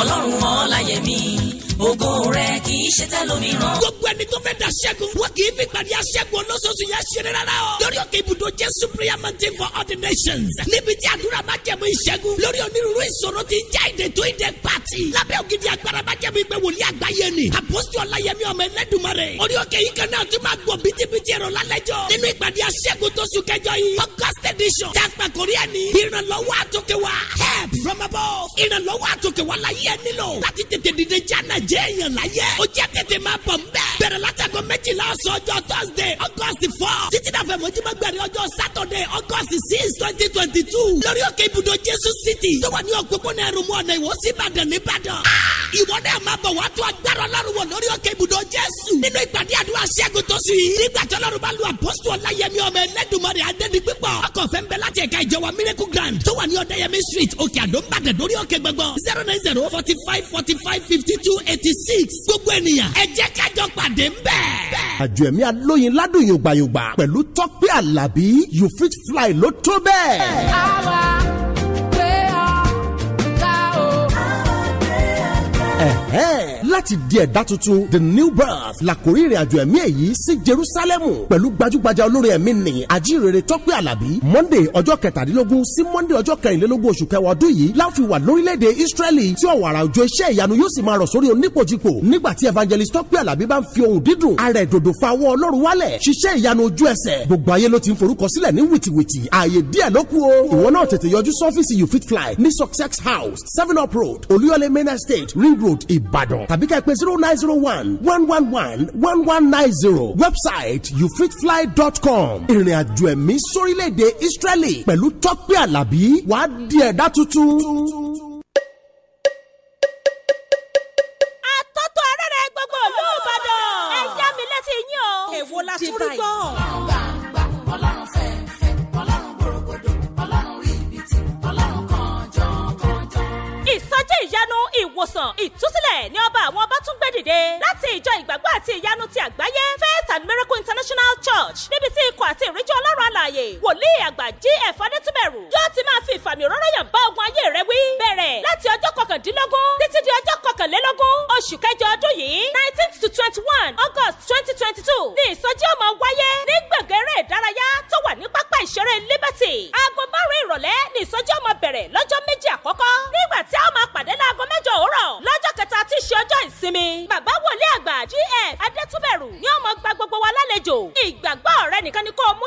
ọlọ́run mọ́ láyé mi ògo rẹ̀ kì í ṣe tẹlòmíràn. gbogbo ẹni tó fẹ́ da ṣẹ́gun wọ́n kì í fi pàdé aṣẹ́gun olóṣooṣù yẹn ṣeré rárá o. lórí òkè ibùdó jésù prayer for all the nations. níbi tí àdúrà máa jẹ̀mú ìṣẹ́gun lórí onírúurú ìṣòro ti já ìdè tó ìdè pàtì. lábẹ́ ògidì agbára máa jẹ̀mú ìgbẹ́ wòlíì àgbáyé ni. àpòsí ọ̀làyẹmí ọmọ ẹlẹ́dùnmarè. orí òkè yìí kan náà tún máa gbọ́ bitibiti ẹ̀rọ lálẹ́jọ́. nínú ìpàdé aṣẹ́gun tó sùn kẹjọ yìí. august edition. wa help from above. ìrànlọ́wọ́ àtòkè wa la yẹ nílò. láti tètè dìde jánà jẹ́ èèyàn láyé ó jẹ́ tètè máa bọ̀ nbẹ̀. bẹ̀rẹ̀ látàgọ́ méjìlá ọ̀sán ọjọ́ thursday august four títí dàfẹ́ mọ́júmọ́ gbẹ̀rẹ̀ ọjọ́ saturday august six twenty twenty two lórí òkè ibùdó jésù city tó wà ní òpópónà ẹ̀rù mú ọ̀nà ìwọ sí ìbàdàn nìbàdàn. ìwọ náà máa bọ̀ wá tó agbára ọlọ́run wọ̀ lórí òkè ibùdó jésù nínú ìpàdé àdúrà ṣẹ́gun tó sì yìí. nígbà tí ọlọ́run bá lu àpọ́sù ọláyẹmí ọmọ ẹlẹ́dùnmọ́rẹ́ adẹ́ni pípọ̀ ọkọ̀ fẹ́ ń bẹ láti ẹ̀ka ìjọwọ́ miracle grand tó wà ní ọ̀dẹ́yẹmí street òkè àdó ń bàdàn lórí òkè gbọ̀ngàn zero nine zero forty five forty five fifty two eight eighty six gbogbo ènìyàn ẹ jẹ́ kájọ pàdé ńbẹ̀. àjọ ẹ̀mí alóyin ládùn yògbàyògbà pẹ̀lú tọ́pẹ́ alábí you fit fly ló tó bẹ́ẹ̀. láti di ẹ̀dá tuntun the new birth làkórí ìrìnàjò ẹ̀mí èyí sí Jerúsálẹ́mù pẹ̀lú gbajúgbajà olórin ẹ̀mí nì àjíǹrere tọ́pẹ́ àlàbí Monday ọjọ́ kẹtàdínlógún sí Monday ọjọ́ kẹrìnlélógún oṣù kẹwàá ọdún yìí láfi wà lórílẹ̀‐èdè Ísírẹ́lì tí ọ̀wàrà òjò iṣẹ́ ìyanu yóò sì máa rọ̀ sórí onípojìpò nígbà tí evangelist tọ́pẹ́ àlàbí bá ń fi ohùn dídùn ara ìdòdò fa ọwọ́ Ọlọ́run wálẹ̀ ṣiṣẹ́ ìyanu ojú ẹsẹ̀ gbogbo ayé ló ti ń forúkọ sílẹ̀ ní wìtìwìtì ààyè díẹ̀ ló kù o ìwọ náà tètè yọjú sọ́fíìsì you fit fly ní success house seven up road olúyọlé main estate ring road Ibadan tàbí ká ẹ pè zero nine zero one one one one one one nine zero website youfitfly.com ìrìn àjò ẹ̀mí sórílẹ̀-èdè Israeli pẹ̀lú Tọ́pẹ́ Àlàbí wàá di ẹ̀dá tuntun. àtọ́tọ̀ arẹ́rẹ́ gbogbo ìlú Ìbàdàn ẹ̀yá mi létí yín o. èwo la tún rí gbọ́. ìwòsàn ìtúsílẹ̀ ni ọba àwọn ọba tún gbé dìde láti ìjọ ìgbàgbọ́ àti ìyanu ti àgbáyé faith and miracle international church níbi tí ikọ̀ àti ìríjú ọlọ́run alààyè wòlíì àgbà gf adétúbẹ̀rù yóò ti máa fi ìfàmì òróró yàn bá ogun ayé rẹ wí bẹ̀rẹ̀ láti ọjọ́ kọkàndínlógún títí di ọjọ́ kọkànlélógún oṣù kẹjọ ọdún yìí nineteen to twenty one august twenty twenty two ni ìsọjí ó máa wáyé ní gbẹ̀gẹ́rẹ́ ìdárayá tó wà ní pápá ìṣeré liberty aago márùn-ún ìrọ̀lẹ́ ni ìsọjí ó máa bẹ̀rẹ̀ lọ́jọ́ méjì àkọ́kọ́ nígbà tí a máa pàdé láago mẹ́jọ òwúrọ̀ lọ́jọ́ kẹta tí í ṣe ọjọ́ ìsinmi bàbá wòlé àgbà gf adétúbẹ̀rù ni ọmọ gba gbogbo wa lálejò ìgbàgbọ́ rẹ nìkan ni kó o mú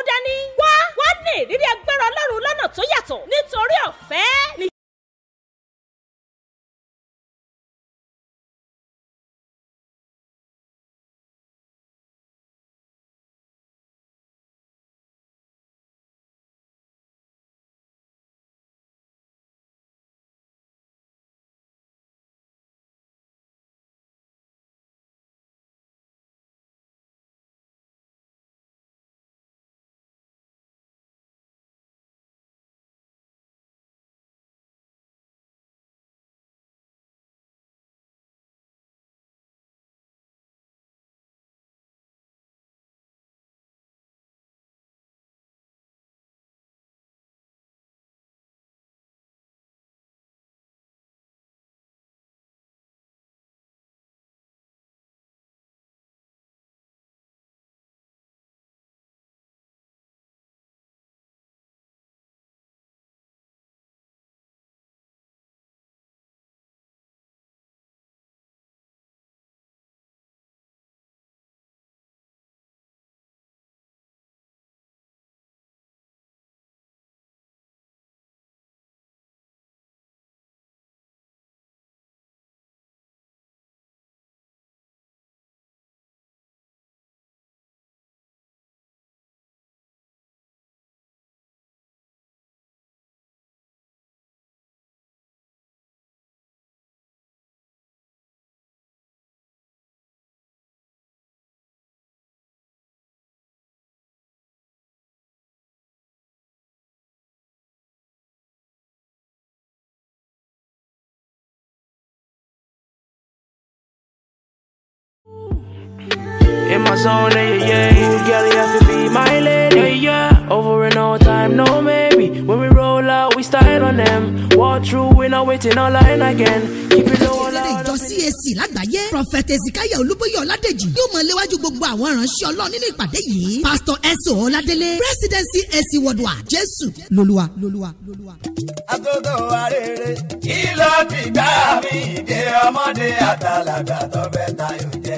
zone, yeah, yeah. Ooh, girl, you have to be my lady, yeah, yeah. Over and over time, no maybe. When we roll out, we style on them. Walk through, we not waiting online again. Keep it low. ìjọ lágbàáyé prọfẹtẹ zikaya olúbóyè ọládèjì yóò mọ léwájú gbogbo àwọn ìránṣẹ́ Ọlọ́run nínú ìpàdé yìí pásítọ̀ ẹsọ ọládélé pírẹsidẹnsì ẹsì wọdùà jésù lolúwa agogo arére kí ló fi gbá mi ìdè ọmọdé àtàlàgbà tó fẹ́ tayò jẹ.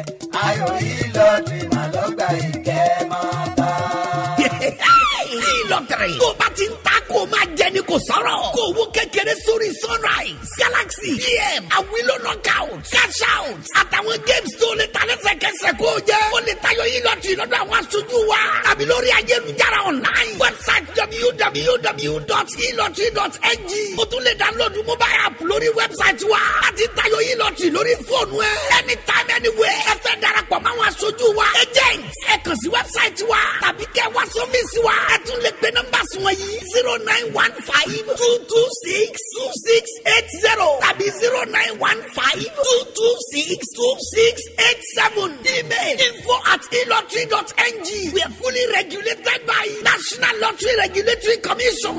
Lottery. tó bá ti ń ta kó máa jẹ ni kò sọ̀rọ̀ kó owó kékeré sórí sunrise galaxy pm awilo knockout cash out àtàwọn games tó lè ta lẹ́sẹ̀kẹsẹ̀ kó jẹ́ ó lè tayọ yìí lọ tì lọ́dọ̀ àwọn aṣojú wa tàbí lórí ayélujára online website www.elotry.ng o tún lè download mobile app lórí website wa láti tayọ yìí lọ tì lórí fóònù ẹ anytime anywhere ẹ fẹ́ darapọ̀ mọ́ àwọn aṣojú wa agent ẹ kàn sí website wa tàbí kẹ́ wá sọ́fíìsì wa ẹ tún lè pe nọ́mbà sùn wọ̀nyí zero nine. nine one five two two six two six eight zero tàbí zero nine one five two two six two six eight seven email info at elotry dot ng we are fully regulated by National Lottery Regulatory Commission.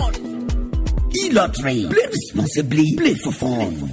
e Play responsibly. Play for fun.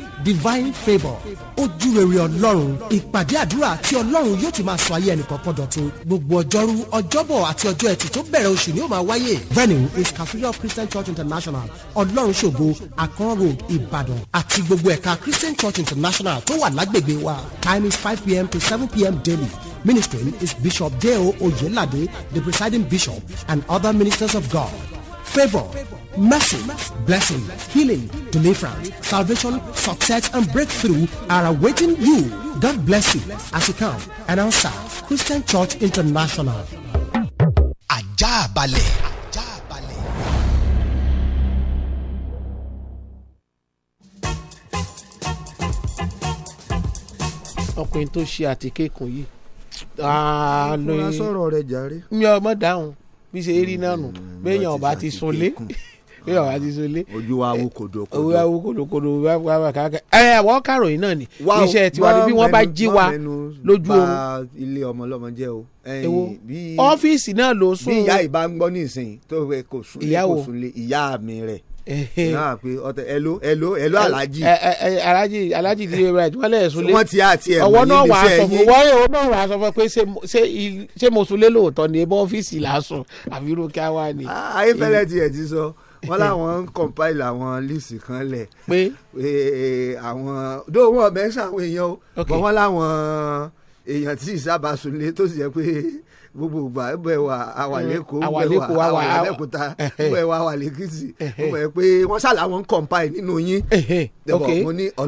divine favour ojú rere ọlọ́run ìpàdé àdúrà tí ọlọ́run yóò ti máa sọ ayé ẹnì kọ̀ọ̀kan dọ̀tun gbogbo ọjọ́rú ọjọ́bọ̀ àti ọjọ́ ẹtì tó bẹ̀rẹ̀ oṣù ni ó máa wáyé venue is cathedral christian church international ọlọ́run ṣògo akron road ìbàdàn àti gbogbo ẹ̀ka christian church international tó wà lágbègbè wa time is five pm to seven pm daily ministering is bishop deo oyelade the presiding bishop and other ministers of god favor, mercy, blessing, healing, deliverance, salvation, success, and breakthrough are awaiting you. God bless you as you come and answer Christian Church International. Ajabale. ọkùnrin tó ṣe àtikékùn yìí. ọkùnrin sọ̀rọ̀ rẹ̀ jàre. mi ò mọ̀ dáhùn bí ṣe rí náà nù mm, béèyàn ọba ti sunlé béèyàn ọba ti sunlé. ojú wa wo kodokodo ojú wa wo kodokodo wá wá káàkà ẹ àwọn kàròyìn náà ni iṣẹ́ tiwa ni bí wọ́n bá jí wa lójú oorun. ilé ọmọ ọlọmọ jẹ o. ewo ọ́fíìsì náà ló sún. bí ìyá ìbá ń gbọ́ nísìnyí tó kò sunlé kò ìyá mi rẹ̀ náà pé ọtẹ ẹlò ẹlò ẹlò alájì. alájì alájì di right wọ́n lẹ̀ súnlé ọwọ́ náà wàá sọ fún wọ́n yóò náà wàá sọ fún pé ṣé mo súnlé lóòótọ́ ni ebó ọ́fíìsì lásùn àbí rúkẹ́ wá ni. Ah, ayéfẹ́lẹ́ tiẹ̀ ti sọ wọ́n láwọn ń compile àwọn líìsì kan lẹ̀ pé e, àwọn dó wọn mẹ́sàn-án àwọn èèyàn o bọ́ wọ́n láwọn èèyàn tí ìsábàsùn lé tó sì jẹ́ pé gbogbo ìgbà ẹgbẹ́ wa àwàlẹ́kọ̀ ẹgbẹ́ wa àwàlẹ́kùtà ẹgbẹ́ wa àwàlẹ́kìtì ó mọ̀ mm. ẹ́ pé wọ́n ṣàlàwọ̀ ń kọ̀ǹpa ẹ̀ nínú yín. ok mo ní ọlọ́